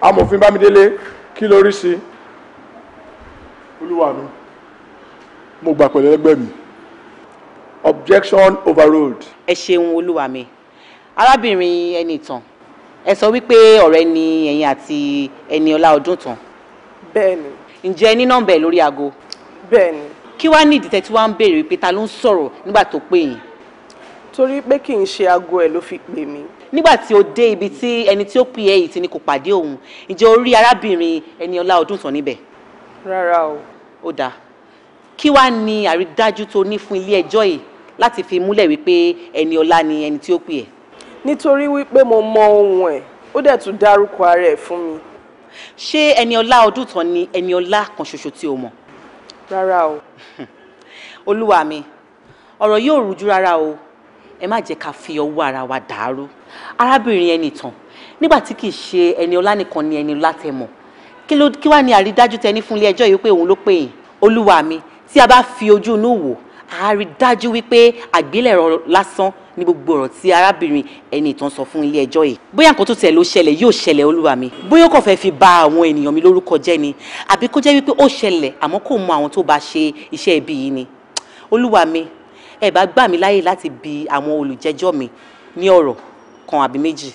amòfin bámidélé kí ló sí. olúwa mi mo gbà pẹ̀lú ẹgbẹ́ mi objection overruled.
ẹ ṣeun olúwa mi arábìnrin ẹni ìtàn ẹ sọ wípé ọ̀rẹ́ ni ẹ̀yin àti ẹni ọlá ọdún tán. bẹ́ẹ̀ni. ǹjẹ́ ẹ ní nọ́mbà ẹ̀ lórí aago. bẹ́ẹ̀ni. kí wàá ní ìdìtẹ́ tí wàá ń béèrè pé ta ló ń sọ̀rọ̀ nígbà tó pè yín. torí pé kì í ṣe aago ẹ̀ ló fi pè mí nígbà tí o dé ibi tí ẹni tí ó pè é yìí ti ní kò pàdé òun ǹjẹ́ o rí arábìnrin Ẹniọlá Ọdúntàn níbẹ̀. rárá o. ó dáa kí wàá ní àrídájú tó ní fún ilé ẹjọ́ yìí láti fi múlẹ̀ wípé Ẹniọlá ni ẹni tí ó pè é. nítorí wípé mo mọ ohun ẹ̀ ó dẹ̀ tún dárúkọ ara ẹ̀ fún mi. ṣé Ẹniọlá Ọdúntàn ni Ẹniọlá kan ṣoṣo tí o mọ̀. rárá o. olúwa mi ọ̀rọ̀ yóò rújú rárá o ẹ má jẹ́ ká fi ọwọ́ ara wa dàárú arábìnrin yẹn nìtàn nígbà tí kì í ṣe ẹni ọlá nìkan ni ẹni ọlá tẹ mọ̀ kí ló kí wàá ní àrídájú tẹni fún ilé ẹjọ́ yìí pé òun ló pè yín olúwa mi tí a bá fi ojú inú wò á rí dájú wípé àgbélẹ̀rọ lásán ní gbogbo ọ̀rọ̀ tí arábìnrin ẹni ìtàn sọ fún ilé ẹjọ́ yìí bóyá nǹkan tó tẹ̀ ló ṣẹlẹ̀ yóò ṣẹlẹ̀ olúwa mi bóyá ó fẹ́ fi bà àwọn ènìyàn mi lórúkọ jẹ́ ni àbí kó jẹ́ wípé ó ṣẹlẹ̀ àmọ́ kò mọ àwọn tó bá ṣe iṣẹ́ ibi yìí ni olúwa mi ẹ bá gbà mí láyè láti bi àwọn olùjẹ́jọ́ mi ní ọ̀rọ̀ kan àbí méjì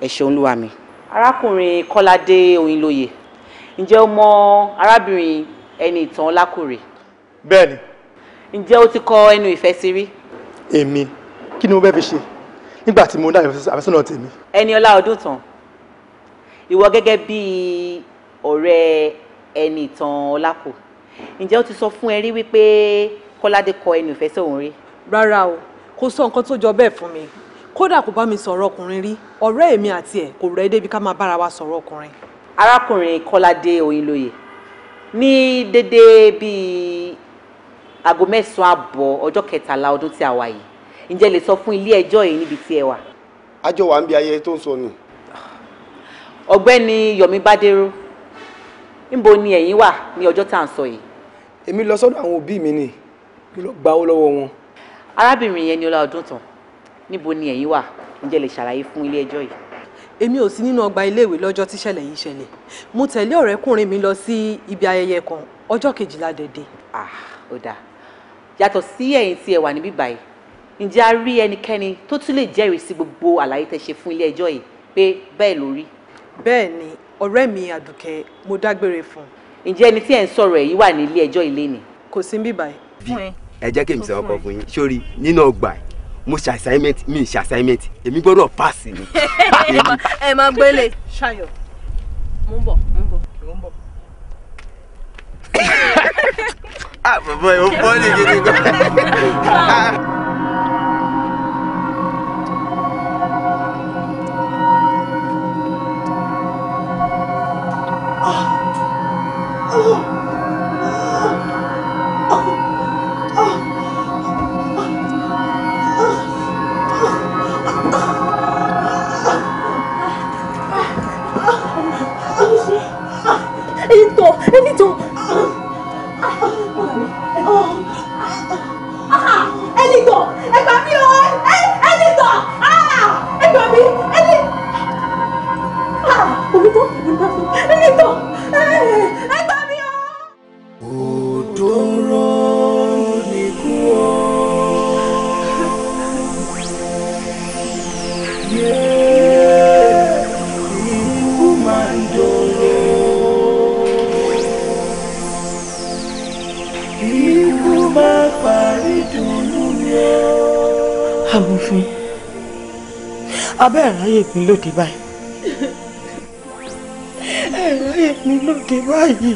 ẹ ṣeun lúwa mi. arákùnrin kọ́ládé òyìnlóye ǹjẹ́ o mọ arábìnrin ẹni ìtàn ọlákùnrin. bẹ́ẹ̀ni. ǹjẹ́ o ti kọ ẹnu ìfẹ́ sí rí.
èmi kí ni mo bẹ́ẹ̀ fi ṣe nígbà tí mo dá àfẹ́sọ́nà tèmi.
Ẹniọlá Ọdúntàn ìwọ gẹ́gẹ́ bíi ọ̀rẹ́ Ẹnìtàn Ọlákò ǹjẹ́ ó ti sọ fún ẹ rí wípé Kọ́ládé kọ ẹnu ìfẹ́ sí òun rí. rárá o kò sọ nǹkan tó jọ bẹ́ẹ̀ fún mi kódà kò bá mi sọ̀rọ̀ ọkùnrin rí ọ̀rẹ́ èmi àti ẹ̀ kò rẹ́ débi ká máa bára wa sọ̀rọ̀ ọkùnrin. arákùnrin kọ́ládé òyìnlóye ní dédé bíi aago mẹ́sàn-án àbọ̀ ọjọ́ kẹtàlá ọdún tí a wà yìí ǹjẹ́ lè sọ fún ilé ẹjọ́ yìí níbi tí ẹ wà. àjọ wa ń bi ayẹyẹ tó ń sọ nù. ọ̀gbẹ́ni Yomi Bádéró níbo ni ẹ̀yin wà ní ọjọ́ tá à ń sọ yìí. èmi lọ sọ́dọ̀ àwọn òbí mi ni kí ló gbawó lọ́wọ́ wọn. arábìnrin yẹn ni Ọlá Ọdúntàn níbo ni ẹ̀yin wà ǹjẹ́ lè ṣàlàyé fún ilé ẹjọ́ yìí. èmi ò sí nínú ọgbà iléèwé lọ́jọ́ tíṣẹ̀lẹ̀ yìí ṣẹlẹ̀ mo tẹ̀lé ọ̀rẹ́kùnrin mi lọ sí ibi ayẹyẹ kan ọjọ́ kejìlá dẹ̀dẹ̀. ah ó dáa yàtọ̀ sí ẹ̀yin tí ẹ wà níbí báyìí ǹjẹ́ a rí ẹnikẹ́ni tó tún lè jẹ́rìí sí gbogbo àlàyé tẹ́ ṣe fún ilé ẹjọ́ yìí pé bẹ́ẹ̀ ló rí. bẹ́ẹ̀ ni ọ̀rẹ́ mi àdùkẹ́ mo dágbére fún. ǹjẹ́ ẹni tí ẹ̀ ń sọ̀rọ̀ ẹ̀ yìí wà ní ilé ẹjọ́ ilé ni. kò sí bíbá
ẹ jẹ́ kí n sọ ọkọ fún yín sórí nínú ọgbà mo ṣe assignment mi ṣe assignment èmi gbọ́dọ̀ pass ni.
ẹ máa gbélé ṣayọ mo ń bọ̀ mo ń bọ̀
mo ń bọ̀.
ah bàbá yìí ó
fọ́ ní gidi gan. Oh! abẹ́ ìráyè mi lóde báyìí ìráyè mi lóde báyìí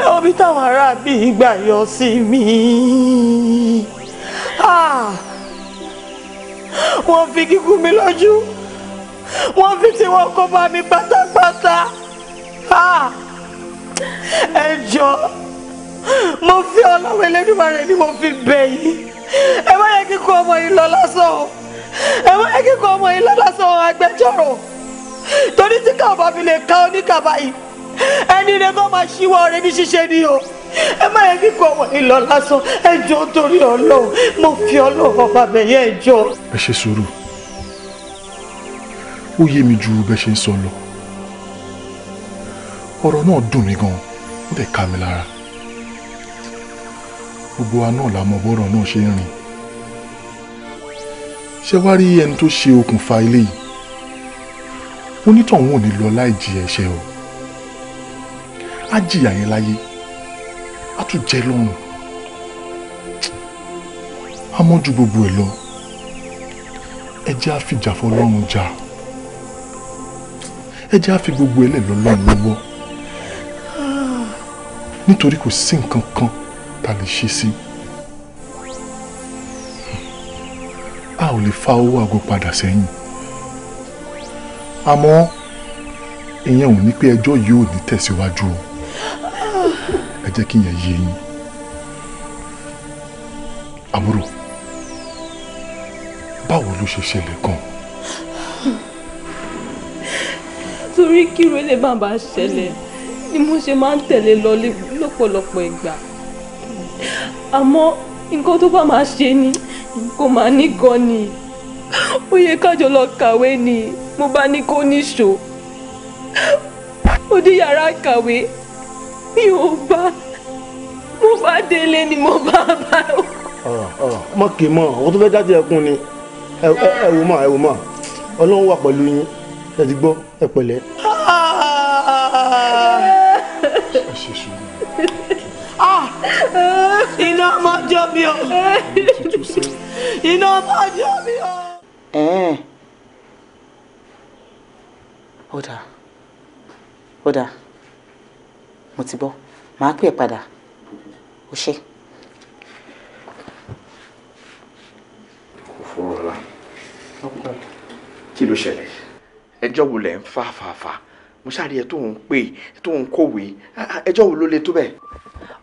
ẹ wọ́n bí táwọn aráàbí gbà yọ sí mi ah! wọ́n fi kíkún mi lójú wọ́n fi tiwọn kó bá mi pátápátá ah! ẹ jọ mo fi Ọlọ́run Elédùmarè ni mo fi bẹ̀ yín ẹ má yẹ kíkún ọmọ yìí lọ lásán o ẹ̀wọ́n ẹ kíkọ́ ọmọ yìí lọ́lọ́sọ agbẹjọ́rò torí tí kàbá fi lè ka oníkàbá yìí ẹni rẹ kọ́ máa ṣíwọ́ rẹ ní ṣíṣe ni o ẹ má yẹ kíkọ́ ọmọ yìí lọ lásán ẹjọ́ torí ọlọ́run mo fi ọlọ́run ọba bẹ̀yẹ ẹjọ́.
ẹ ṣe sùúrù ó yé mi ju bẹ́ẹ̀ ṣe ń sọ lọ ọ̀rọ̀ náà dùn mí gan ó dẹ̀ ká mi lára gbogbo wa náà la mọ bọ́rọ̀ náà ṣe ń rìn ṣé wá rí ẹni tó ṣe okùnfà ilé yìí onítọ̀hún ò ní lọ láì jìyà ẹ̀ṣẹ̀ o á jìyà yẹn láyé á tún jẹ lọ́run á mọ́ ju gbogbo ẹ̀ lọ ẹ jẹ́ á fìjà fọlọ́run jà ẹ jẹ́ á fi gbogbo ẹ̀ lẹ̀ lọ́lọ́run lọ́wọ́ nítorí kò sí nǹkan kan tá lè ṣe sí i. kò lè fa owó aago padà sẹ́yìn àmọ́ ìyẹn ò ní pé ẹjọ́ yìí ò ní tẹ̀síwájú o ẹ jẹ́ kí ìyẹn yé yín àbúrò báwo ló ṣe ṣẹlẹ̀ gan.
torí kí irú ilé bàbá ṣẹlẹ̀ ni mo ṣe máa ń tẹ̀lé lọ lọ́pọ̀lọpọ̀ ìgbà àmọ́ nǹkan tó bá máa ṣe ni kò máa nìkan ni ó yẹ kájọ lọ kàwé ni mo bá ní kó níṣó ó dé yàrá kàwé mi ò bá mo bá délé ni mo bá bá
o. ọ̀rọ̀ ọ̀rọ̀ mọ̀ kì í mọ̀ ọ̀rọ̀ tó fẹ́ jáde ẹkún ni ẹ wò mọ̀ ẹ wò mọ̀ ọlọ́run wà pẹ̀lú yín ẹ ti gbọ́ ẹ pẹ̀lẹ́.
Ah!
ẹ ṣe sùúrù.
Ah! iná
ọmọjọ́ mi o iná ọmọjọ́ mi
o. ó dáa ó dáa mo ti bọ́ màá pè é padà ó ṣe.
kò fún ọ̀la kí ló ṣẹlẹ̀ ẹjọ́ wo lẹ̀ ń fà fà fà mo ṣáà rí ẹ tó ń pè
tó ń kọ̀wé ẹjọ́ wo ló le tó bẹ́ẹ̀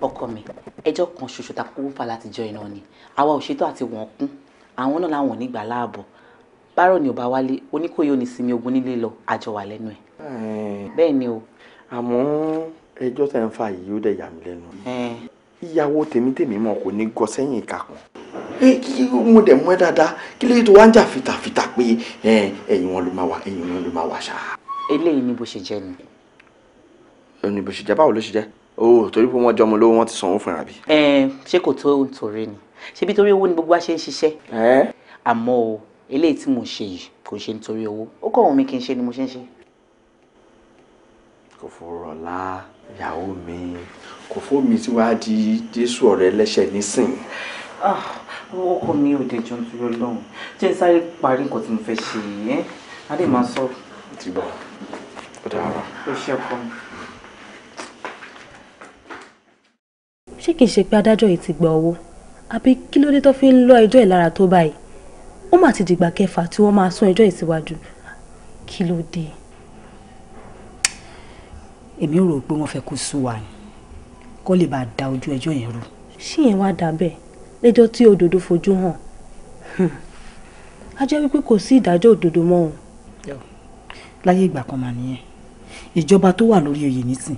ọkọ mi ẹjọ́ kan ṣoṣo ta kó fa látijọ́ iná ni àwa ò ṣètò àti wọ́n kún àwọn náà làwọn ò ní gbà láàbọ bárò ni ò bá wálé oníkóyè ò ní sinmi ogun nílé lọ àjọ wà lẹ́nu ẹ̀. bẹ́ẹ̀ ni o.
àmọ́ ẹjọ́ tẹ̀ ń fa yìí ó dẹ̀ yà mí lẹ́nu. ìyàwó tèmi tèmi mọ̀ kò ní gọ sẹ́yìn ìka kan kí mo dẹ̀ mọ́ dáadáa kí lóye tó wá ń jà fitafita pé ẹ̀yìn wọn ló máa wà ẹ̀yìn wọn ló máa wà ṣáá. eléyìí ni bó ṣe jẹ́ ni. ẹ bó ṣe jẹ́ báwo ló ṣe jẹ́ o torí pé wọ́n jọmọ lówó wọ́n ti sanwó fún àbí.
ẹ ṣé kò tó nítorí ni ṣebí torí owó ni gbogbo wa ṣe ń ṣiṣẹ́. àmọ́ o eléyìí tí mo ṣe yìí kò ṣe nítorí owó ó kọ̀ wọ́n mi kí n ṣe ni mo ṣe ń ṣe. kò
fọ̀rọ̀ la ìyàwó mi kò fómi tí wàá di jésù ọ̀rẹ́ ẹlẹ́ṣẹ̀ nísìn.
Ah, ọkọ mi ò dé jọ nítorí ọlọ́run jẹ́ ń sáré parí nǹkan tí mo fẹ́ ṣe yìí adé máa sọ. ti bọ̀ ó dára. ó ṣe ọkọ mi. ṣé kìí ṣe pé adájọ́ yìí ti gba owó àbí kí ló dé tó fi ń lọ ẹjọ́ ẹ̀ lára tó báyìí ó mà ti dìgbà kẹfà tí wọ́n máa sún ẹjọ́ yìí síwájú kí ló dé. èmi rò pé wọ́n fẹ́ kó sú wa ni kó lè bá a da ojú ẹjọ́ yẹn rú. ṣé yẹn wá dà bẹ́ẹ̀ lẹ́jọ́ tí òdodo fojú hàn á jẹ́ wípé kò sí ìdájọ́ òdodo mọ́ òun. láyé ìgbà kan mà nìyẹn ìjọba tó wà lórí oyè nísìn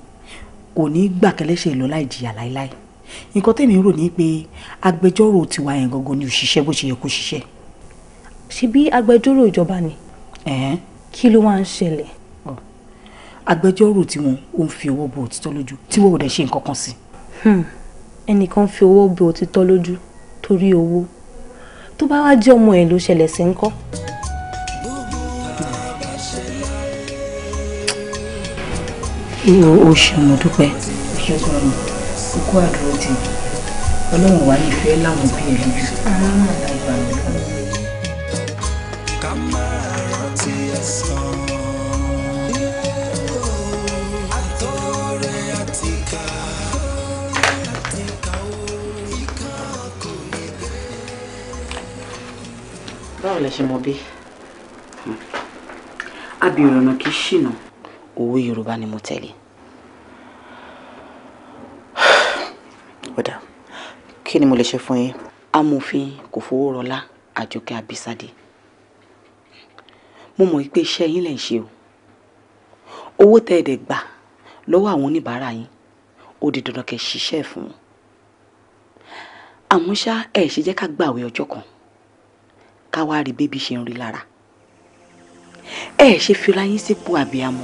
kò ní í gbàkẹ́lẹ́ṣẹ̀ lọ láì jìyà láéláé nǹkan tèmi rò ní pé agbẹjọ́rò tiwa yẹn gangan ni òṣìṣẹ́ bó ṣe yẹ kó ṣiṣẹ́. ṣebí agbẹjọ́rò ìjọba ni. kí ló wàá ń ṣẹlẹ̀. agbẹjọ́rò tiwọn ò ń fi owó bo òtítọ́ lójú tí wọ́n ò dẹ̀ ṣe nǹkan kan sí. Hmm, ẹnìkan fi owó bo òtítọ́ lójú torí owó tó bá wá jẹ́ ọmọ ẹ̀ ló ṣẹlẹ̀ sí ń kọ́. o ṣeun dúpẹ́. ṣe é kó kó àdúró tì mí ọlọ́run wà ní ìfẹ́ láwọn òbí ẹ̀ lójú lágbà mi lọ́wọ́. báwo lẹ ṣe mọ bí hmm. abirùnà kì í ṣìnà òwe yorùbá ni mo tẹ̀lé. ọ̀dà kí ni mo lè ṣe fún yín. amòfin kò fowó rọlá àjọkẹ́ abisade mo mọ̀ pé iṣẹ́ yín lẹ̀ ń ṣe o owó tẹ́ ẹ̀ dẹ̀ gbà lọ́wọ́ àwọn oníbàárà yín ó di dandan kẹ́ ṣiṣẹ́ fún wọn àmọ́ ṣá ẹ̀ ṣe jẹ́ ká gbàwé ọjọ́ kan ká wá rí bébí ṣe ń rí lára ẹ̀ ṣe fira yín sípò àbíamọ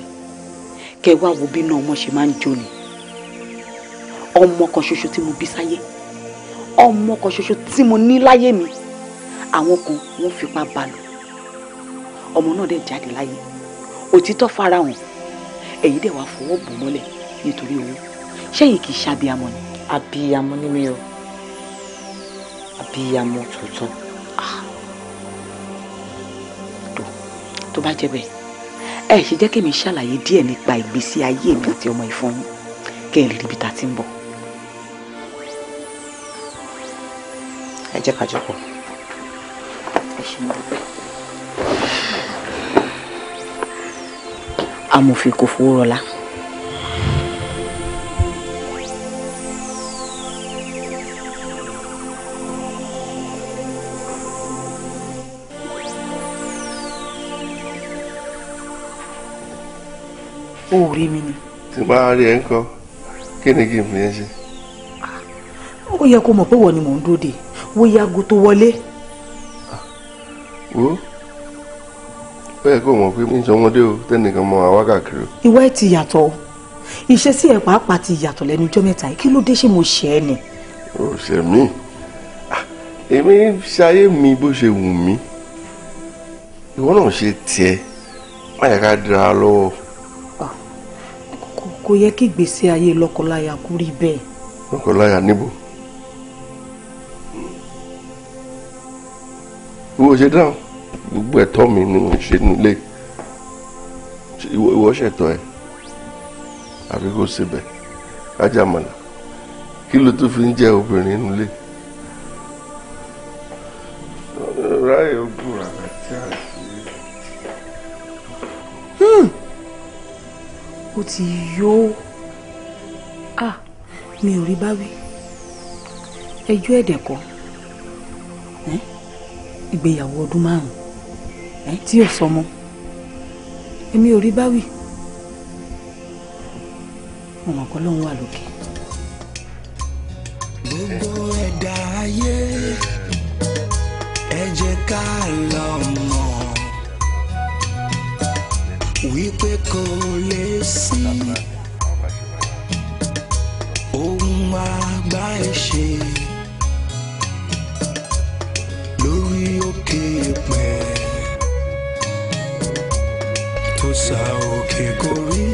kẹ́ wá wo bí iná ọmọ ṣe máa ń jó ni ọmọ kan ṣoṣo tí mo bí sáyé ọmọ kan ṣoṣo tí mo ní láyé mi àwọn kan wọ́n fipá bá lò ọmọ náà dẹ̀ jáde láyé òtítọ́ farahàn èyí dẹ̀ wá fọwọ́ bò mọ́lẹ̀ nítorí owó ṣẹ́yìn kì í ṣàbíamọ ni. àbíamọ ni mi o àbíamọ tòótọ́. Ah. tó tó bá jẹ́ bẹ́ẹ̀ ẹ ṣe jẹ́ kí mi ṣàlàyé díẹ̀ nípa ìgbésí ayé mi àti ọmọ ìfọyín kẹ́ ẹ lè ríbi tá a ti ń bọ̀. ẹ jẹ́ ká jókòó. amòfin kò fowó rọlá. o ò rí mi ni.
tí bá rí ẹ ń kọ kí ni kí n fi ẹ ṣe.
ó yẹ kó mọ̀ pé wọ́n ni mò ń dóde wo yago tó wọlé.
Ah, wo ó yẹ kó mọ̀ pé ní sọmọdé o tẹ́nìkan mọ àwa káàkiri.
ìwà ẹ̀ ti yàtọ̀ ìṣesí ẹ̀ pàápàá ti yàtọ̀ lẹ́nu ọjọ́ mẹ́ta kí ló dé ṣé mo ṣe é ni.
ó ṣe mí ah, èmi ṣayé mi bó ṣe wù mí ìwọ náà ṣe tiẹ̀ má yẹ ká dira lọ́wọ́. Ah,
kò yẹ kí ìgbésí ayé lọ́kọláya kú rí
bẹ́ẹ̀. níbo. ìwọ ṣe dáhùn gbogbo ẹ̀tọ́ mi ni mo ṣe nílé ìwọ ṣẹ̀tọ́ ẹ̀ àfi kó síbẹ̀ ajamọ̀là kí ló tún fi ń jẹ́ obìnrin nílé. ráyè ogun àti àṣírí.
Hmm. ti yó
ah mi ò rí báwí ẹjọ́ ẹ̀dẹ̀kọ́ ìgbéyàwó ọdún márùn ẹ tí ò sọmọ èmi ò rí báwì
ọmọ kan lòun wà lókè. gbogbo ẹ̀dá ayé ẹ ká lọ mọ̀ wípé kò lè sí ohun àgbà ẹ̀ ṣe. pẹ́ tó sa òkè gorí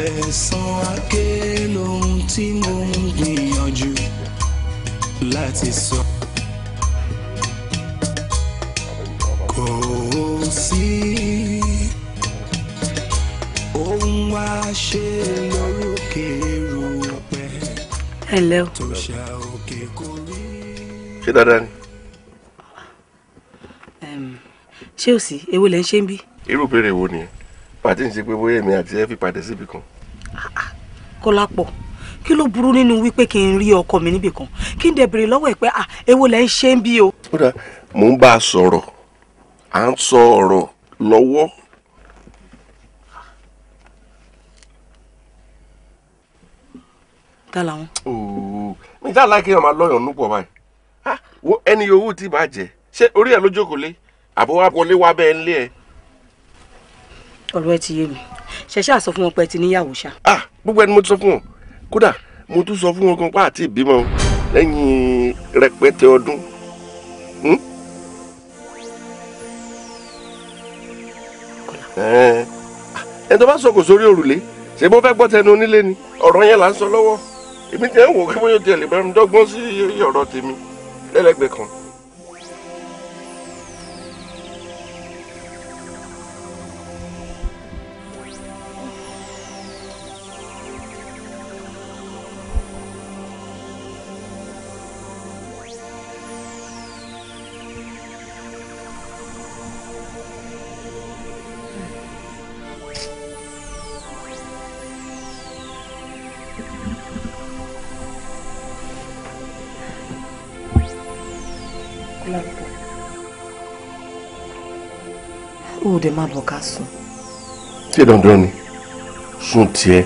ẹ̀san àké lohun tí mo ń gbìyànjú láti sọ. kò sí ohun wá ṣe lórókè rú pẹ́ tó sa òkè gorí
ṣé dáadáa ni.
ṣé o sì èwo lẹ ń ṣe ń bí.
irú ìbéèrè wo nìyẹn pàtí ń ṣe pé bóyá èmi àti ẹ fi pàdé síbi kan.
Ah, kọ́lápọ̀ kí ló burú nínú wípé kí n rí ọkọ mi níbì kan kí n dẹ̀ béèrè lọ́wọ́ ẹ̀ pé à ah, èwo lẹ ń ṣe ń bí o.
ó dà mò ń bá a sọ̀rọ̀ à ń sọ ọ̀rọ̀ lọ́wọ́. ta làwọn. ooo mi ta láì ọmọ alọ́yàn nùpọ̀ báyìí wo ẹni yòówù tí bá jẹ ṣé orí ẹ ló jókòó lé àbọ̀ wá wọlé wá bẹ́ẹ̀ ńlé ẹ.
ọ̀rọ̀ ẹ ti yé mi ṣẹ̀ṣẹ̀ àsọ fún wọn pé ẹ ti níyàwó ṣá.
ah gbogbo ẹni mo ti sọ fún wọn kódà mo tún sọ fún wọn kan pa àti ìbímọ lẹ́yìn rẹpẹtẹ ọdún. Hmm? ẹ tó bá sọ kò sórí òrùlé ṣé mo fẹ́ gbọ́ tẹnu onílé ni ọ̀rọ̀ yẹn là ń sọ lọ́wọ́ èmi tẹ̀ ń wò kí wọ́n yóò tiẹ̀ lè bá mi dọ́gbọ́n sí ọ̀rọ̀ tèmi lẹ́lẹ́gbẹ̀ẹ́ kan.
de Ah. dẹ̀ máa bọ̀ ká sùn.
ṣé dandan ni sùn tiẹ̀.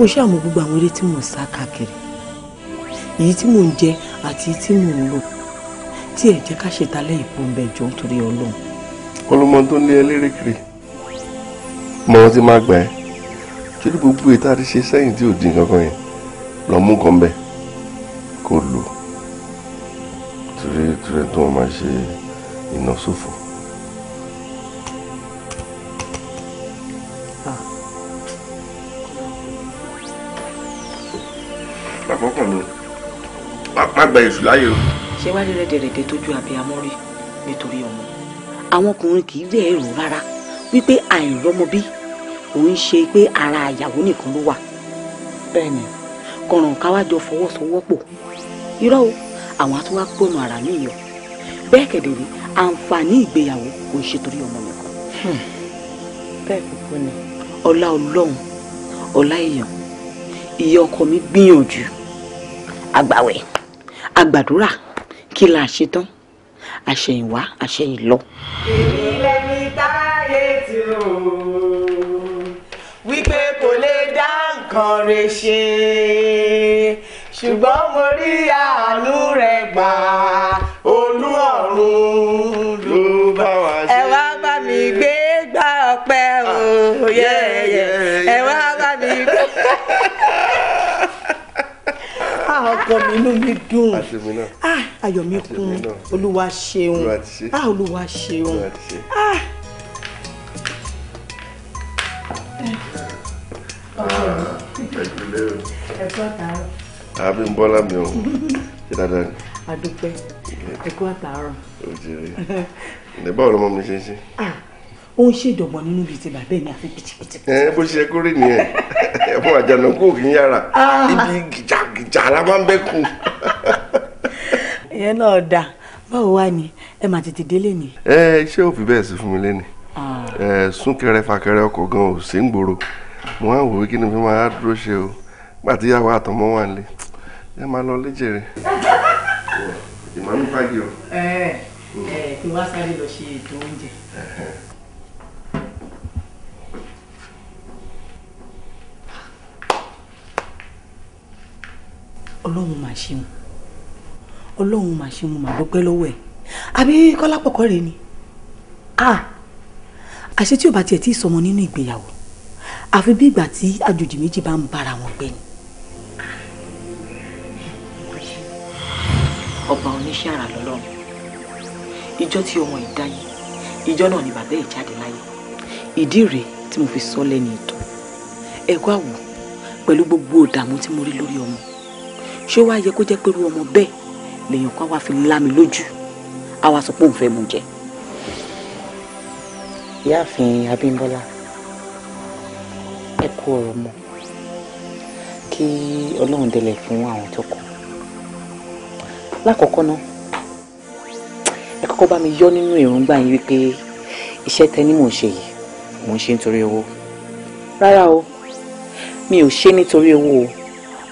ó ṣàmú gbogbo àwọn eré tí mò ń sá káàkiri èyí tí mò ń jẹ àti èyí tí mò ń lò tí ẹ jẹ́ ká ṣètàlẹ́ ìpọ́nbẹ jọ nítorí ọlọ́run.
ọlọmọ tó ń lé eléré kiri mọ wọn ti máa gbà ẹ torí gbogbo ètò àti ṣe sẹ́yìn tí ò di nǹkan yẹn lọ mú nǹkan bẹ́ẹ̀. gba èṣù láyè o.
ṣé wàá rí rẹ́dẹ̀rẹ́dẹ́ tójú abiyamọ rí nítorí ọmọ àwọn ọkùnrin kì í dẹ̀ èrò rárá wípé àìrọ́mọbí òun ṣe pé ara àyàwó nìkan ló wà bẹ́ẹ̀ni kọ̀ràn káwájọ fọwọ́sowọ́pọ̀ irọ́ o àwọn atúwá pọnà ara mi yọ bẹ́ẹ̀ kẹ̀dẹ̀rẹ́ àǹfààní ìgbéyàwó kò ṣe torí ọmọ nìkan. Hmm. bẹ́ẹ̀ kúkú ni. ọlá ọlọ́run ọlá èèyàn ìyá ọkọ mi gbìyànjú àgbàwẹ̀ àgbàdúrà kí la ṣe tán àṣẹ̀yìnwá àṣẹ̀yìnlọ.
èmi lẹni táyé tí o wípé kò lè dá nǹkan rẹ̀ ṣe ṣùgbọ́n mo rí àánú rẹ̀ gbà
olú ló bá wá ṣe. ẹ wá bá
mi gbé
gbà ọpẹ́ o ah, yẹ́yẹ́ ẹ wá
bá mi gbé. Ah, ọkọ
mi inú mi dùn
ah, ayọ̀ mi kún olúwa ṣeun olúwa ah, ṣeun.
àbí ń bọ́lá mi ò ṣe dáadáa ni. àdúpẹ́ ẹ̀kú àtàárọ̀. báwo lọmọ mi ṣe ń ṣe
ó ń ṣèdọ̀gbọ̀n nínú ibi tí bàbá mi àfi pìtìpìtì.
ẹ bó ṣe kó rè nìyẹn ẹfún àjànàkú òkè yàrá
ah. ibi
gìjàgìjà la máa ń bẹ́ kú.
ìyẹn náà dà báwo wá ni ẹ máa tètè délé ni.
ẹ ṣé ò bẹ́ẹ̀ sí fún mi lẹ́nu ah. súnkẹrẹ fàkẹrẹ ọkọ̀ gan ò sí ń gbòòrò mo máa ń wò ó kí ni fi máa dúró ṣe o gbàtíyàwó àtọmọ wà nílé ẹ máa lọ léjèrè ìmọ̀ nípa gí o. ẹ ẹ kí wọ́n sáré lọ ṣe ètò oúnjẹ.
ọlọ́run mà ṣeun ọlọ́run mà ṣeun mà dúpẹ́ lọ́wọ́ ẹ̀ àbí kọ́lá pọ̀kọ́ rẹ ni àṣé tí ò bá tiẹ̀ tí ì sọmọ nínú ìgbéyàwó àfi bí ìgbà tí àjòjì méjì bá ń bára wọn gbé ni. ọba oníṣẹ́ ara lọ́lọ́run ìjọ tí ọmọ ìdáyé ìjọ náà ni bàbá ẹ̀ jáde láyé ìdí rèé tí mo fi sọ lẹ́nu ìtàn ẹ̀kọ́ àwò pẹ̀lú gbogbo ìdààmú tí mo rí lórí ọmọ ṣé wàá yẹ kó jẹ́ pé irú ọmọ bẹ́ẹ̀ lèèyàn kan wá fi lá mi lójú á wá sọ pé òun fẹ́ mu jẹ. ìyáàfin Abímbọ́lá ẹ kú ọ̀rọ̀ mọ́ kí Ọlọ́run délẹ̀ fún àwọn tó kù lákọ̀ọ́kọ́ náà ẹ kọ́kọ́ bá mi yọ nínú èròǹgbà yín wípé iṣẹ́ tẹ mò ń ṣe yìí mò ń ṣe nítorí owó rárá o mi ò ṣe nítorí owó o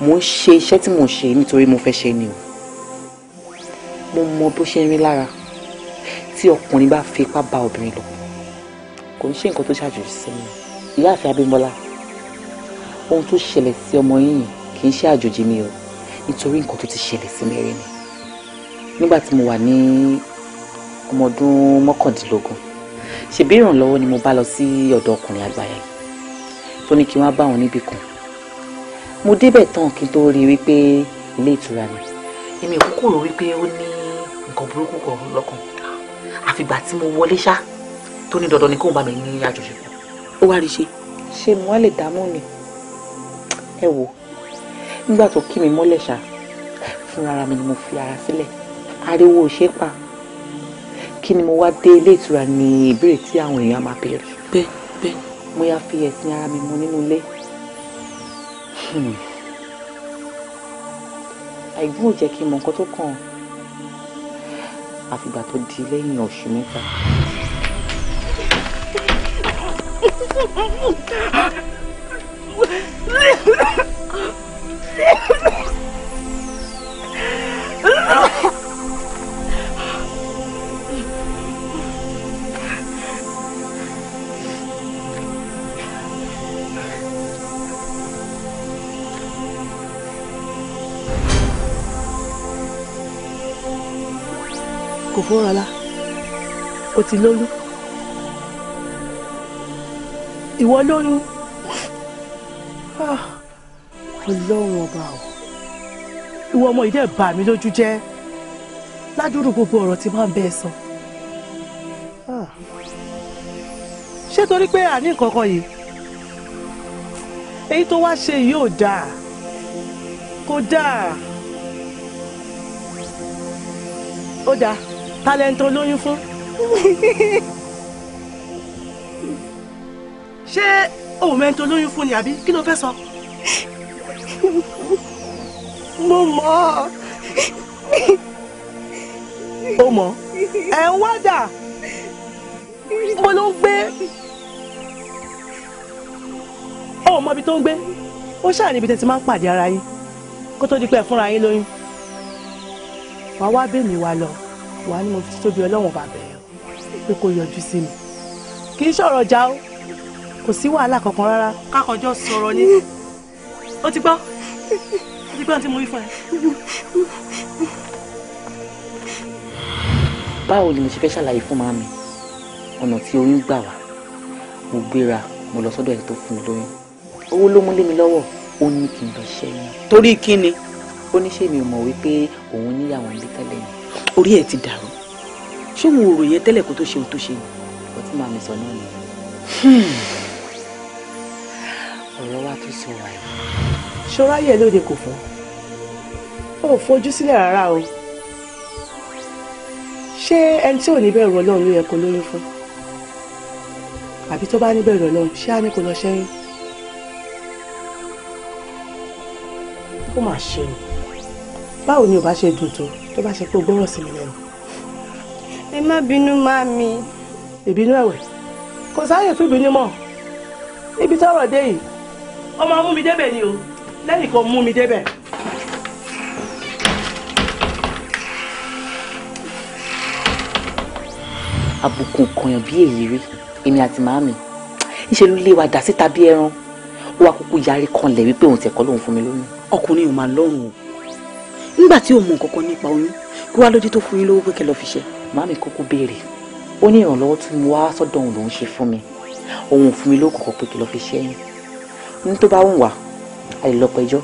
mo ń ṣe iṣẹ́ tí mo ń ṣe nítorí mo fẹ́ ṣe ni o mo mọ bó ṣe ń rí lára tí ọkùnrin bá fi ipá bá obìnrin lò kò ń ṣe nǹkan tó ṣàjòjì sí mi ìyáàfin Abímbọ́lá ohun tó ṣẹlẹ̀ sí ọmọ yìnyín kì í ṣe àjòjì mi o nítorí nǹkan tó ti ṣẹlẹ̀ sí mi rí ni nígbà tí mo wà ní ọmọ ọdún mọ́kàndínlógún ṣèbí ìrànlọ́wọ́ ni mo bá lọ sí ọ̀dọ̀ ọkùnrin àgbáyé tó ní kí wọ́n bá wọn níbì kan mo débẹ̀ tán kí n tó rí wípé ilé ìtura ni èmi ò kúkú rò wípé ó ní nǹkan burúkú kan lọ́kàn àfìgbà tí mo wọlé ṣá tó ní dandan ni kóun bá mi ní àjọṣepọ̀ ó wá rí ṣe ṣé mo wá lè dámú ni ẹ wò nígbà tó kí mi mọ́lẹ̀ ṣá fúnra mi ni mo fi ara sílẹ̀ ariwo ṣe pa kí ni mo wá dé ilé ìtura ni ìbéèrè tí àwọn èèyàn máa béèrè bẹ́ẹ̀ bẹ́ẹ̀ mo yá fi ẹ̀sìn ara mi mu nínú ilé kì mí àìgbọ́n ò jẹ́ kí n mọ nǹkan tó kàn àfìgbà tó di lẹ́yìn oṣù mẹ́ta.
Ha ha ha!
kò fọ́rọ̀lá o ti lóyún ìwọ lóyún ah, ọlọ́run ọba o ìwọ ọmọ yìí dẹ̀ bà mí lójú jẹ́ ládùúrú gbogbo ọ̀rọ̀ tí máa ń bẹ́ẹ̀ sọ ah. ṣé torí pé àní nǹkan kan yìí èyí tó wá ṣe yìí ò dáa kò dáa ó dáa tálẹ́ńtò lóyún fún. ṣé òun mẹ́ńtò lóyún fún ni àbí kí ló fẹ́ sọ.
mo mọ̀ ọ́. o mọ̀ ẹ̀ ń wádà mo ló
ń gbé ó mọ ibi tó ń gbé ó ṣáà níbi tẹ́ ti máa ń pàdé ara yín kó tó di pé ẹ fúnra yín lóyún wàá wá bèmí wa lọ wà á ní mo fi títóbi ọlọ́wọ̀n bàbẹ̀ pé kó yọjú sí mi kì í ṣọ̀rọ̀ já o kò sí wàhálà kankan rárá. kákanjọ sọ̀rọ̀ ni O ti gbọ́ ó ti gbọ́ àti mo rí fún ẹ. báwo ni mo ṣe fẹ́ ṣàlàyé fún màmí ọ̀nà tí oyún gbà wá mo gbéra mo lọ sọ́dọ̀ ẹ̀ tó fún mi lóyún owó ló mú lé mi lọ́wọ́ ó ní kí n lọ ṣẹ́yìn torí kí ni ó ní ṣé mi ò mọ̀ wípé òun níyàwó ń bí tẹ́lẹ̀ yẹn orí ẹ̀ ti dàrú ṣé òun ò ròyìn tẹ́lẹ̀ kó tó ṣe òun tó ṣe ni. ọkọ tí màmí sọ
náà nìyẹn. Hmm. ọ̀rọ̀ wa tún sọ wà yìí.
ṣọ́ra lóde kò fọ́ ó fojú sílẹ̀ rárá o ṣé ẹni tí ò ní bẹ̀rù ọlọ́run ló yẹ kó lóyún fún àbí tó bá ní bẹ̀rù ọlọ́run ṣé á ní lọ ṣẹ́yìn. ó mà ṣe ni báwo ni ò bá ṣe dùn tó tó bá ṣe pé o gbọ́rọ̀ sí mi lẹ́nu. ẹ má bínú máa mi. ìbínú ẹ̀wẹ̀ kò sáàyè fún ìbínú mọ́ ibi tọ́rọ̀ dé yìí ó mú mi débẹ̀ ni o
lẹ́yìn kan mú mi débẹ̀.
àbùkù kọyàn bí èyí rí èmi àti màámi ńṣe ló lé wa dà síta bí ẹran ó wá kúkú yarí kanlẹ̀ wípé òun tẹ̀kọ́ lòun fún mi lóyún. ọkùnrin ò máa lọ́rùn o nígbà tí o mọ̀ kankan nípa oyún kí wàá lójú tó fún yín lówó pé kẹ́ lọ fi ṣe. màmí kúkú béèrè ó ní ìrànlọ́wọ́ tí mo wá sọ́dọ̀ òun lòún ṣe fún mi òun fún mi lówó kọ̀ọ̀kan pé kí lọ fi ṣe yín ní tó bá wù wá àìlọpẹjọ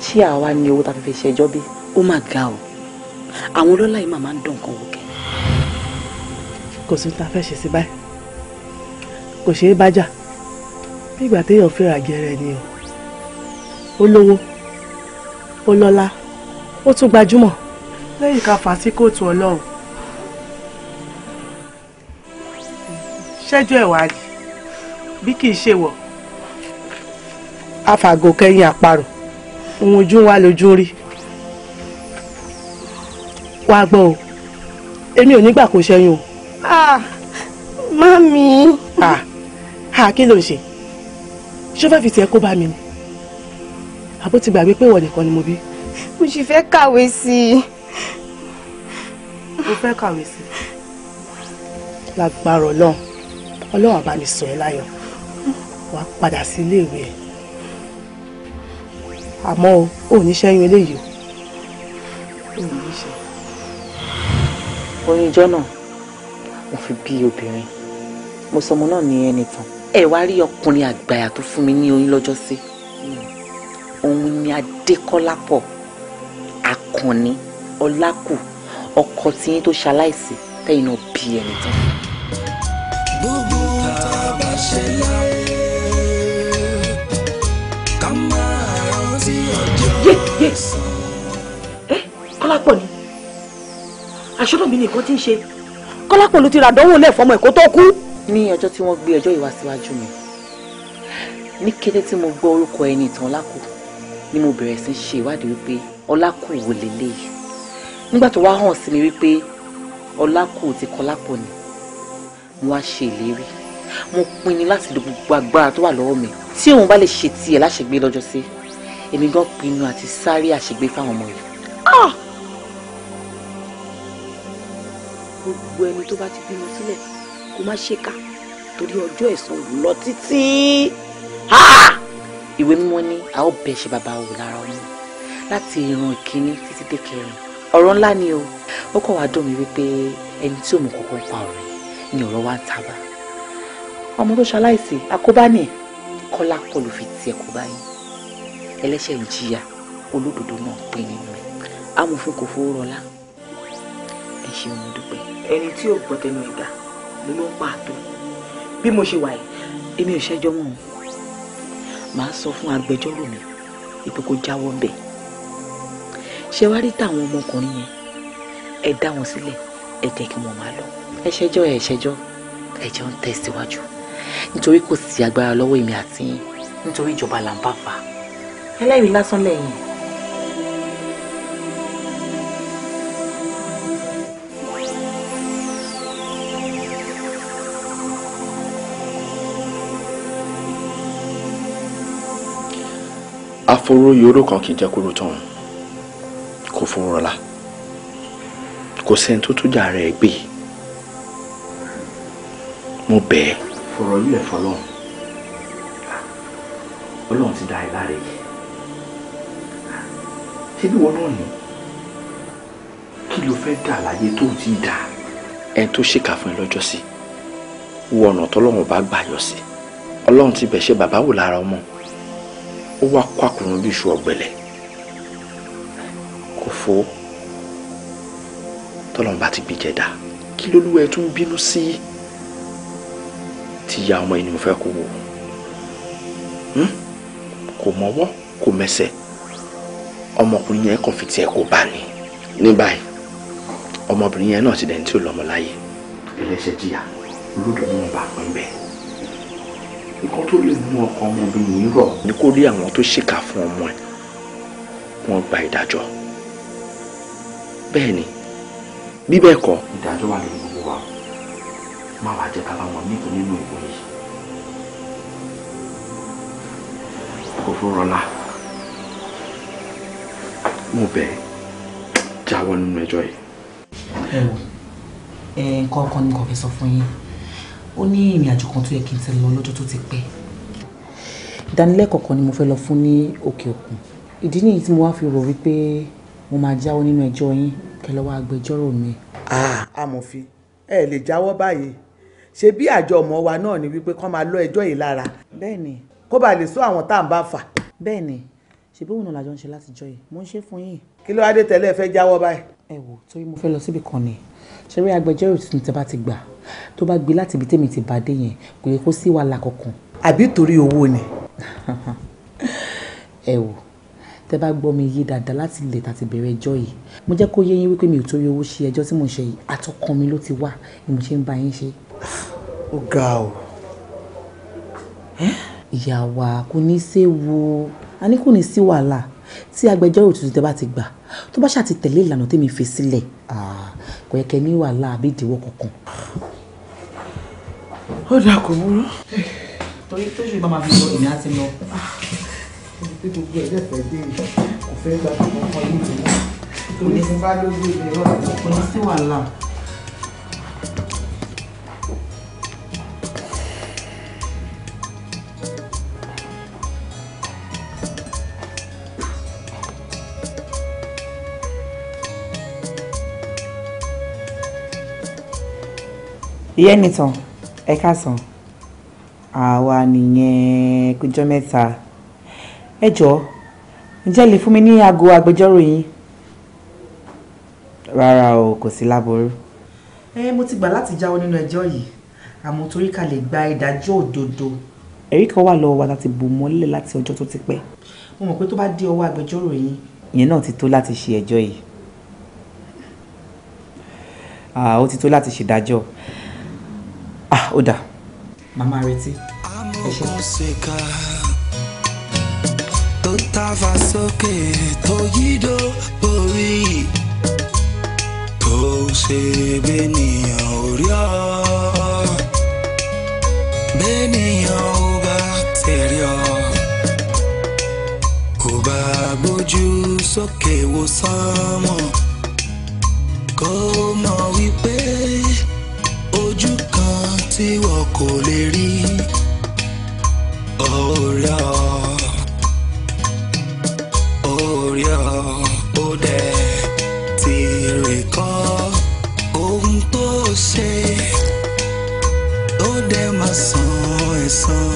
ṣé àwa ní owó tá a fi fi ṣẹjọ́ bí. ó mà ga o àwọn ọlọ́lá yìí màmá ń dán nǹkan wò kẹ́. kò sí ta fẹ́ ṣe sí báyìí kò ṣeé bá jà bí ìgbà téèyàn fẹ́ràn àjẹrẹ ni o ó lówó ó lọ́lá ó tún gbajúmọ̀. lẹ́yìn ká fà á sí kóòtù ọlọ́run ṣẹ́jú ẹ̀wà bí kì í ṣe wọ̀ àfàgò kẹyìn àparò òun ojú wa lójú rí wá gbọ́ o èmi ò nígbà kó ṣẹ́yìn o. mami. kí ló ń ṣe ṣé ó fẹ́ fi tiẹ̀ kó bá mi ni àbó ti gbàgbé pé ìwọ nìkan ni mo bí mo sì fẹ́ kàwé sí i. mo fẹ́ kàwé sí i. lágbára ọlọ́run ọlọ́run àbá mi sọ ẹ́ láyọ̀ wà á padà sí iléèwé ẹ̀ àmọ́ ò ní ṣẹ́yún eléyìí ò ní ṣe. orin ìjọ náà mo fi bí obìnrin mo sọmọ náà ní ẹnì tán ẹ wá rí ọkùnrin àgbàyà tó fún mi ní oyún lọ́jọ́ sí hmm. òun ni Adékọ́lápọ̀. Àkànní Ọlákù ọkọ tí yín tó ṣaláìsí tẹ́yìn náà bí ẹni tán.
gbogbo tá a bá ṣe láyé ká máa rántí ọjọ́ ẹ̀sán. ẹ Kọ́lápọ̀ ni
àṣọ́nà mi nìkan ti ń ṣe Kọ́lápọ̀ ló ti ra àdánwò lẹ́ẹ̀fọ́mọ ẹ̀kọ́ tó kú. ní ọjọ́ tí wọ́n gbé ẹjọ́ ìwà síwájú mi ní kété tí mo gbọ́ orúkọ ẹni ìtàn lákò ni mo bẹ̀rẹ̀ sí ṣe ìwádìí wípé ọlákùwò lélẹ́yìí nígbà tó wá hàn sí mi wípé ọlákùwò ti kọ lápò ni mo wá ṣe ìlérí mo pinnu láti lo gbogbo agbára tó wà lọ́wọ́ mi tí òun bá lè ṣe tiẹ̀ láṣegbé lọ́jọ́ sí èmi gan pinnu àti sáré àṣegbé fáwọn ọmọ yìí. Ah! gbogbo ẹni tó bá ti bímọ sílẹ̀ kó má ṣèkà torí ọjọ́ ẹ̀san ò lọ títí. Ah! ìwé mímọ́ ní a ó bẹ̀ ṣe bàbá wò lára ọmọ láti ìran ìkíní títí dé kẹrin ọ̀rọ̀ ńlá ni o ó kàn wá dùn mí wípé ẹni tí òun kọ́kọ́ pa ọ̀rọ̀ yìí ni ọ̀rọ̀ wa ń taba ọmọ tó ṣaláìsí àkóbá ni kọ́lá kọlù fi tiẹ̀ kó báyìí ẹlẹ́ṣẹ̀ ń jìyà olódodo náà pé nínú ẹ̀ amòfin kò fowó rọlá ẹ ṣeun mo dúpẹ́. ẹni tí ò gbọ́ tẹnu ẹ̀dá ló ló ń pa àtọ bí mo ṣe wà yìí èmi ò ṣẹjọ́ mọ́ òun màá sọ fún agbẹjọ́rò mi ìpè kó jáwọ́ bẹ́ẹ̀ ṣe wá rí tàwọn ọmọkùnrin yẹn ẹ dá wọn sílẹ̀ ẹ jẹ́ kí wọ́n máa lọ ẹ ṣẹjọ́ ẹ ṣẹjọ́ ẹ jẹ́ ń tẹ̀síwájú nítorí kò sí agbára lọ́wọ́ èmi àti yín nítorí ìjọba là ń bá fà ẹlẹ́rìí lásán lẹ́yìn.
aforo yòrò kan kì í jẹ́ kóró tán kò fún rọlá kò sẹ́ni tó tún jà rẹ̀ gbé mo bẹ̀ ẹ́. fọ̀rọ̀ yìí ẹ̀ fọlọ́run ọlọ́run ti dá ẹ láre yìí
ṣé bí wọn náà ní kí ló fẹ́ dà
láyé tó ti dà. ẹni tó ṣèkà fún ẹ lọ́jọ́ sí wo ọ̀nà tọ́lọ́run bá gbà yọ sí ọlọ́run ti bẹ̀ ṣe bàbá wò lára ọmọ ó wá kó àkùrún bí iṣu ọ̀gbẹ̀lẹ̀ òfò tọ́lọ́run bá ti gbìjẹ̀dá kí lolúwa ẹ̀ tún bínú sí ti ya ọmọ ènìyàn fẹ́ kó wò hmm? kò mọ́wọ́ kò mẹsẹ̀ ọmọkùnrin yẹn kàn fi tiẹ̀ kó bá ní ní báyìí ọmọbìnrin yẹn náà ti dẹ̀ ní tí ò lọ́mọ láyé ẹlẹ́ṣẹ̀ jìyà olódò ni wọ́n bá pín bẹ́ẹ̀ nǹkan tó lè mú ọkọ ọmọbìnrin rọ̀ ni kó rí àwọn tó ṣèkà fún ọmọ ẹ̀ wọ́n gba ìdájọ́ bẹ́ẹ̀ ni bí bẹ́ẹ̀ kọ́. ìdájọ́ wà lórí gbogbo wa má wàá jẹ́ ká bá wọn nípò nínú ìwé yìí. Òfúrọlá mo bẹ̀ jáwọ́ nínú ẹjọ́
yìí. ẹ wò ẹ nǹkan ni kò fẹ́ sọ fún yín ó ní ìrìn àjò kan tó yẹ kí n ti lọ lọ́jọ́ tó ti pẹ́. ìdánilẹ́kọ̀ọ́ kan ni mo fẹ́ lọ fún ní òkè òkun ìdí nìyí tí mo wá fi rò wípé mo máa jáwọ́ nínú ẹjọ́ yín kẹ́ lọ́wọ́ agbẹjọ́rò mi. amòfin ẹ lè jáwọ́ báyìí ṣe bí àjọ ọmọ wa náà ni wípé kán máa lọ ẹjọ́ yìí lára. bẹ́ẹ̀ni. kó bàa lè sọ àwọn tá à ń bá fà. bẹ́ẹ̀ni ṣèbí òun náà làjọ ń ṣe láti jọ yìí mo ń ṣe fún yín. kí ló wá dé tẹ́lẹ̀ fẹ́ jáwọ́ báyìí. ẹ wò torí mo fẹ́ lọ síbi kan ni ṣeré agbẹjọ́rò tuntun tẹ́ bá ti gbà tó bá gbé láti ibi tèmi ti bá dé yẹn kò yẹ kó sí wàhálà kankan. àbí torí owó ni. ẹ wò tẹ́ bá gbọ́ mi yé dáadáa láti lè tàti bẹ̀rẹ̀ ẹjọ́ yìí mo jẹ́ kó yé yín wípé mi ò torí owó ṣe ẹjọ́ tí mo ṣe yìí àtọkàn mi ló ti wà ni mo ṣe ń bá yín ṣe. ó ga o. ìyá wa kò ní í ṣe wo a ní kò ní í sí wàhálà tí agbẹjọ́rò tuntun tẹ́ bá ti gbà tó bá ṣàti tẹ̀lé ìlànà tèmi fi sílẹ̀ kò yẹ kẹ́ ní wàhálà àbí ìdíwọ́ kankan. ó dà kò burú. torí tó ṣe máa fi lọ ìyá ti lọ. Ah pé gbogbo ẹ̀ lẹ́fẹ̀ẹ́ dé kò fẹ́ gba gbogbo ọkọ yìí tó wà torí ti bá lójú ilé rọ kò ní sí wàhálà. ìyẹn nìtàn ẹ̀ka sàn àwa nìyẹn kújọ́ mẹ́ta ẹ jọ̀ọ́ ǹjẹ́ lè fún mi ní aago agbẹjọ́rò yín. rárá o kò sí láboru. ẹ mo ti gbà láti jáwọ́ nínú ẹjọ́ yìí àmọ́ torí ká lè gba ìdájọ́ òdodo. ẹ̀rí kan wà lọ́wọ́ wa láti bò mọ́lẹ̀ láti ọjọ́ tó ti pẹ́. mo mọ̀ pé tó bá dé ọwọ́ agbẹjọ́rò yín. ìyẹn náà ti tó láti ṣe ẹjọ́ yìí. ó ti tó láti ṣèdájọ́ ó dà.
màmá retí ẹ ṣe tó tàfà sókè tó yídó borí kò ṣe bẹ́nìyàn ò rí ọ bẹ́nìyàn ò bá tẹ̀rí ọ kò bá gbójú sókè wo sánmọ̀ kó mọ̀ wípé ojú kan tí wọn kò lè rí ọ̀rẹ́ san ẹ̀san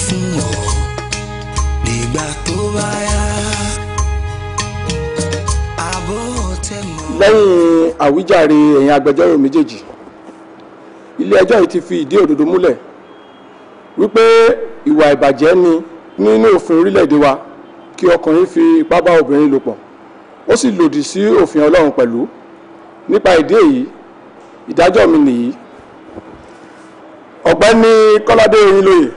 fún ọ dìgbà tó bá yá àbọ̀ tẹ̀ mọ́. lẹ́yìn
àwíjàre ẹ̀yin agbẹjọ́rò méjèèjì ilé ẹjọ́ yìí ti fi ìdí òdodo múlẹ̀ wípé ìwà ìbàjẹ́ ni nínú òfin orílẹ̀-èdè wa kí ọkùnrin fi ipá bá obìnrin lò pọ̀ ó sì lòdì sí òfin ọlọ́run pẹ̀lú nípa ìdí èyí ìdájọ́ mi nìyí ọ̀gbẹ́ni kọ́ládé oyinlóye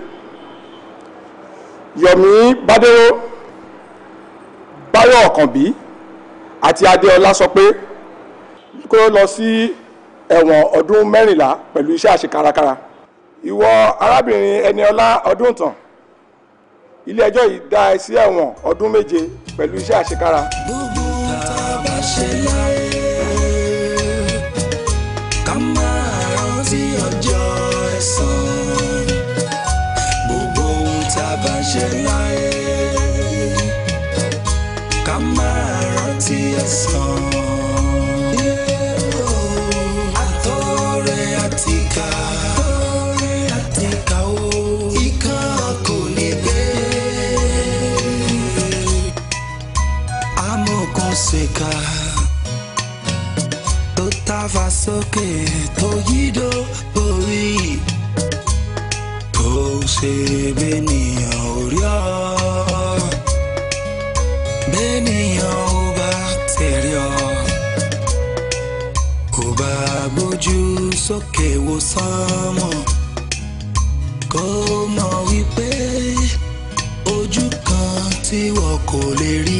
yọ̀mí bádéró báyọ̀ ọ̀kànbí àti adéọlá sọ pé kó lọ sí ẹ̀wọ̀n ọdún mẹ́rìnlá pẹ̀lú iṣẹ́ àṣekárakára ìwọ arábìnrin ẹniọlá ọdúntàn ilé ẹjọ́ yìí dá ẹ sí ẹ̀wọ̀n
ọdún méje pẹ̀lú iṣẹ́ àṣekára. gbogbo tá a bá ṣe láyé.
música tó tàfà sókè tó yídó borí kò ṣe bẹ́nìyàn ò rí ọ bẹ́nìyàn ò bá tẹ̀rí ọ kò bá gbójú sókè wo sánmọ̀ kó mọ̀ wípé ojú kan tí wọn kò lè rí.